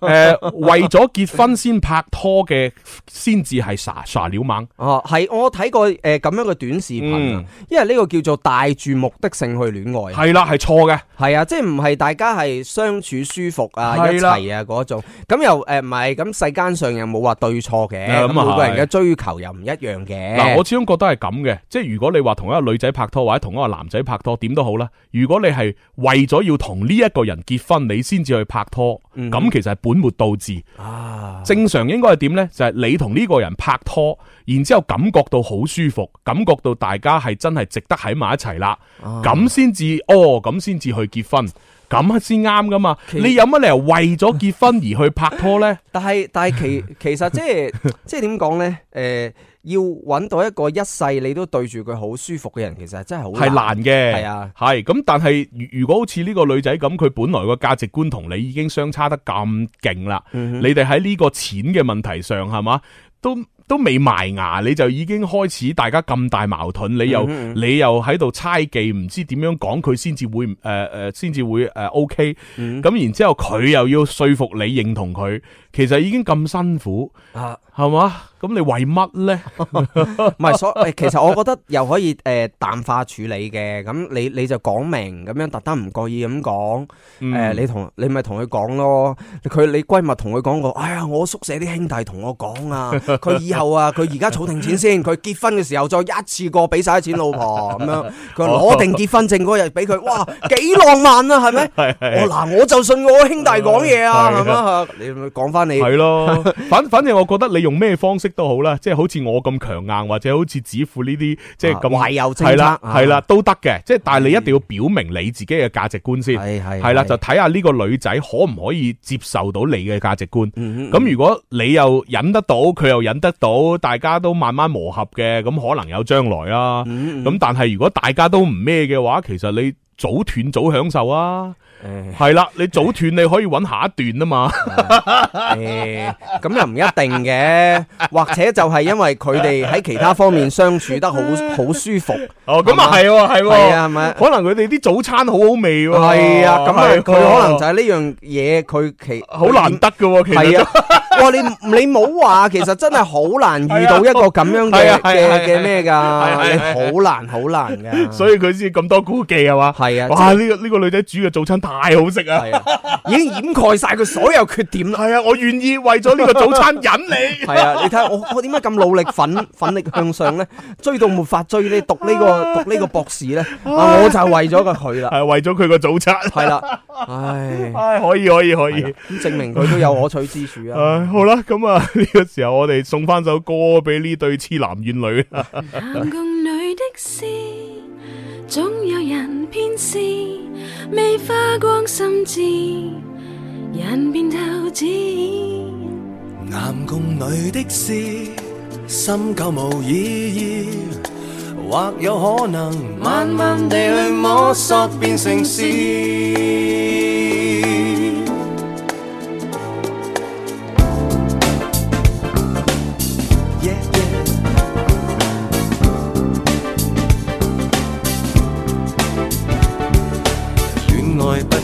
呃、為咗結婚先拍拖嘅，先至係傻傻了猛、啊。哦，係我睇過誒咁樣嘅短視頻、啊、因為呢個叫做帶住目的性去戀愛、嗯啊。係啦，係錯嘅。係啊，即係唔係大家係相處舒服啊，是啊一齊啊嗰種。咁又誒唔係，咁世間上又冇話對錯嘅。咁啊，嗯、每個人嘅追求又唔一樣嘅、啊。始終覺得係咁嘅，即係如果你話同一個女仔拍拖或者同一個男仔拍拖點都好啦。如果你係為咗要同呢一個人結婚，你先至去拍拖，咁其實係本末倒置。啊、嗯哼，正常應該係點呢？就係、是、你同呢個人拍拖，然之後感覺到好舒服，感覺到大家係真係值得喺埋一齊啦，咁先至哦，咁先至去結婚，咁先啱噶嘛？實你有乜理由為咗結婚而去拍拖呢？但係但係其其實即係即係點講呢？誒、呃。要揾到一個一世你都對住佢好舒服嘅人，其實真係好難嘅。係啊，係咁。但係如果好似呢個女仔咁，佢本來個價值觀同你已經相差得咁勁啦。嗯、哼你哋喺呢個錢嘅問題上，係咪都都未埋牙，你就已經開始大家咁大矛盾。你又嗯嗯你又喺度猜忌，唔知點樣講佢先至會誒誒，先、呃、至會誒、呃呃、OK。咁、嗯、然之後佢又要說服你認同佢，其實已經咁辛苦啊。係嘛？咁你為乜咧？唔係所誒，嗯嗯、其實我覺得又可以誒淡化處理嘅。咁你你就講明咁樣，特登唔過意咁講。誒、呃，你同你咪同佢講咯。佢你閨蜜同佢講過，哎呀，我宿舍啲兄弟同我講啊，佢以後啊，佢而家儲定錢先，佢結婚嘅時候再一次過俾晒錢老婆咁樣。佢攞定結婚證嗰日俾佢，哇，幾浪漫啊，係咪？嗱、哦，我就信我兄弟講嘢啊，咁啊，你咪講翻你係咯。反反正我覺得你用。用咩方式都好啦，即係好似我咁強硬，或者好似指負呢啲，即係咁，係啦、啊，係啦，都得嘅。即係，但係你一定要表明你自己嘅價值觀先，係係，係啦，就睇下呢個女仔可唔可以接受到你嘅價值觀。咁、嗯嗯、如果你又忍得到，佢又忍得到，大家都慢慢磨合嘅，咁可能有將來啊。咁、嗯嗯、但係如果大家都唔咩嘅話，其實你早斷早享受啊。係啦，你早斷你可以揾下一段啊嘛。咁又唔一定嘅，或者就係因為佢哋喺其他方面相處得好好舒服。哦，咁啊係喎，係喎，係啊，係咪？可能佢哋啲早餐好好味喎。係啊，咁佢可能就係呢樣嘢，佢其好難得噶喎。其實，係啊，哇！你你冇話，其實真係好難遇到一個咁樣嘅嘅咩噶，好難好難嘅。所以佢先咁多顧忌，係嘛？係啊，哇！呢個呢個女仔煮嘅早餐太好食啦！已經掩蓋晒佢所有缺點啦。係啊，我願意為咗呢個早餐引你。係啊，你睇下我我點解咁努力奮奮力向上咧？追到沒法追你讀呢個讀呢個博士咧，我就係為咗個佢啦。係為咗佢個早餐。係啦，唉，可以可以可以，咁證明佢都有可取之處啊。好啦，咁啊呢個時候我哋送翻首歌俾呢對癡男怨女，共女的詩，總有人偏私。未花光心智，人便透支。男共女的事，深究無意義，或有可能慢慢地去摸索，變成詩。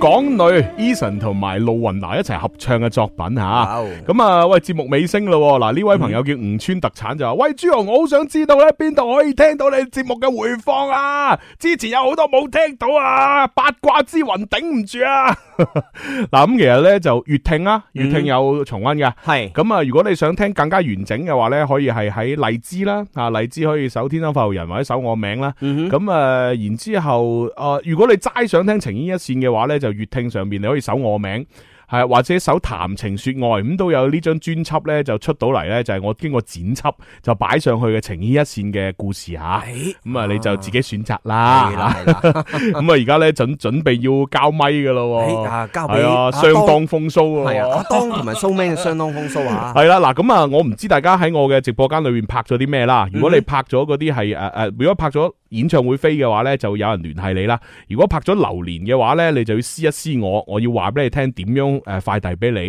港女 Eason 同埋路云娜一齊合唱嘅作品吓，咁啊喂節目尾聲啦，嗱呢位朋友叫吳川特產就話喂朱浩，我好想知道咧邊度可以聽到你節目嘅回放啊？之前有好多冇聽到啊，八卦之云頂唔住啊！嗱咁其實咧就粵聽啦，粵聽有重温嘅，係咁啊。如果你想聽更加完整嘅話咧，可以係喺荔枝啦，啊荔枝可以搜《天生發育人》或者搜我名啦，咁啊，然之後啊，如果你齋想聽《情牽一線》嘅話咧就。月聽上面你可以搜我名。係啊，或者首《談情說愛》咁都有呢張專輯咧，就出到嚟咧，就係我經過剪輯就擺上去嘅《情牽一線》嘅故事吓。咁啊，你就自己選擇啦。咁啊，而家咧準準備要交咪噶咯。啊，交咪相當風騷。係啊，當同埋 showman 相當風騷啊。係啦，嗱，咁啊，我唔知大家喺我嘅直播間裏邊拍咗啲咩啦。如果你拍咗嗰啲係誒誒，如果拍咗演唱會飛嘅話咧，就有人聯繫你啦。如果拍咗榴蓮嘅話咧，你就要私一私我，我要話俾你聽點樣。誒、啊，快遞俾你。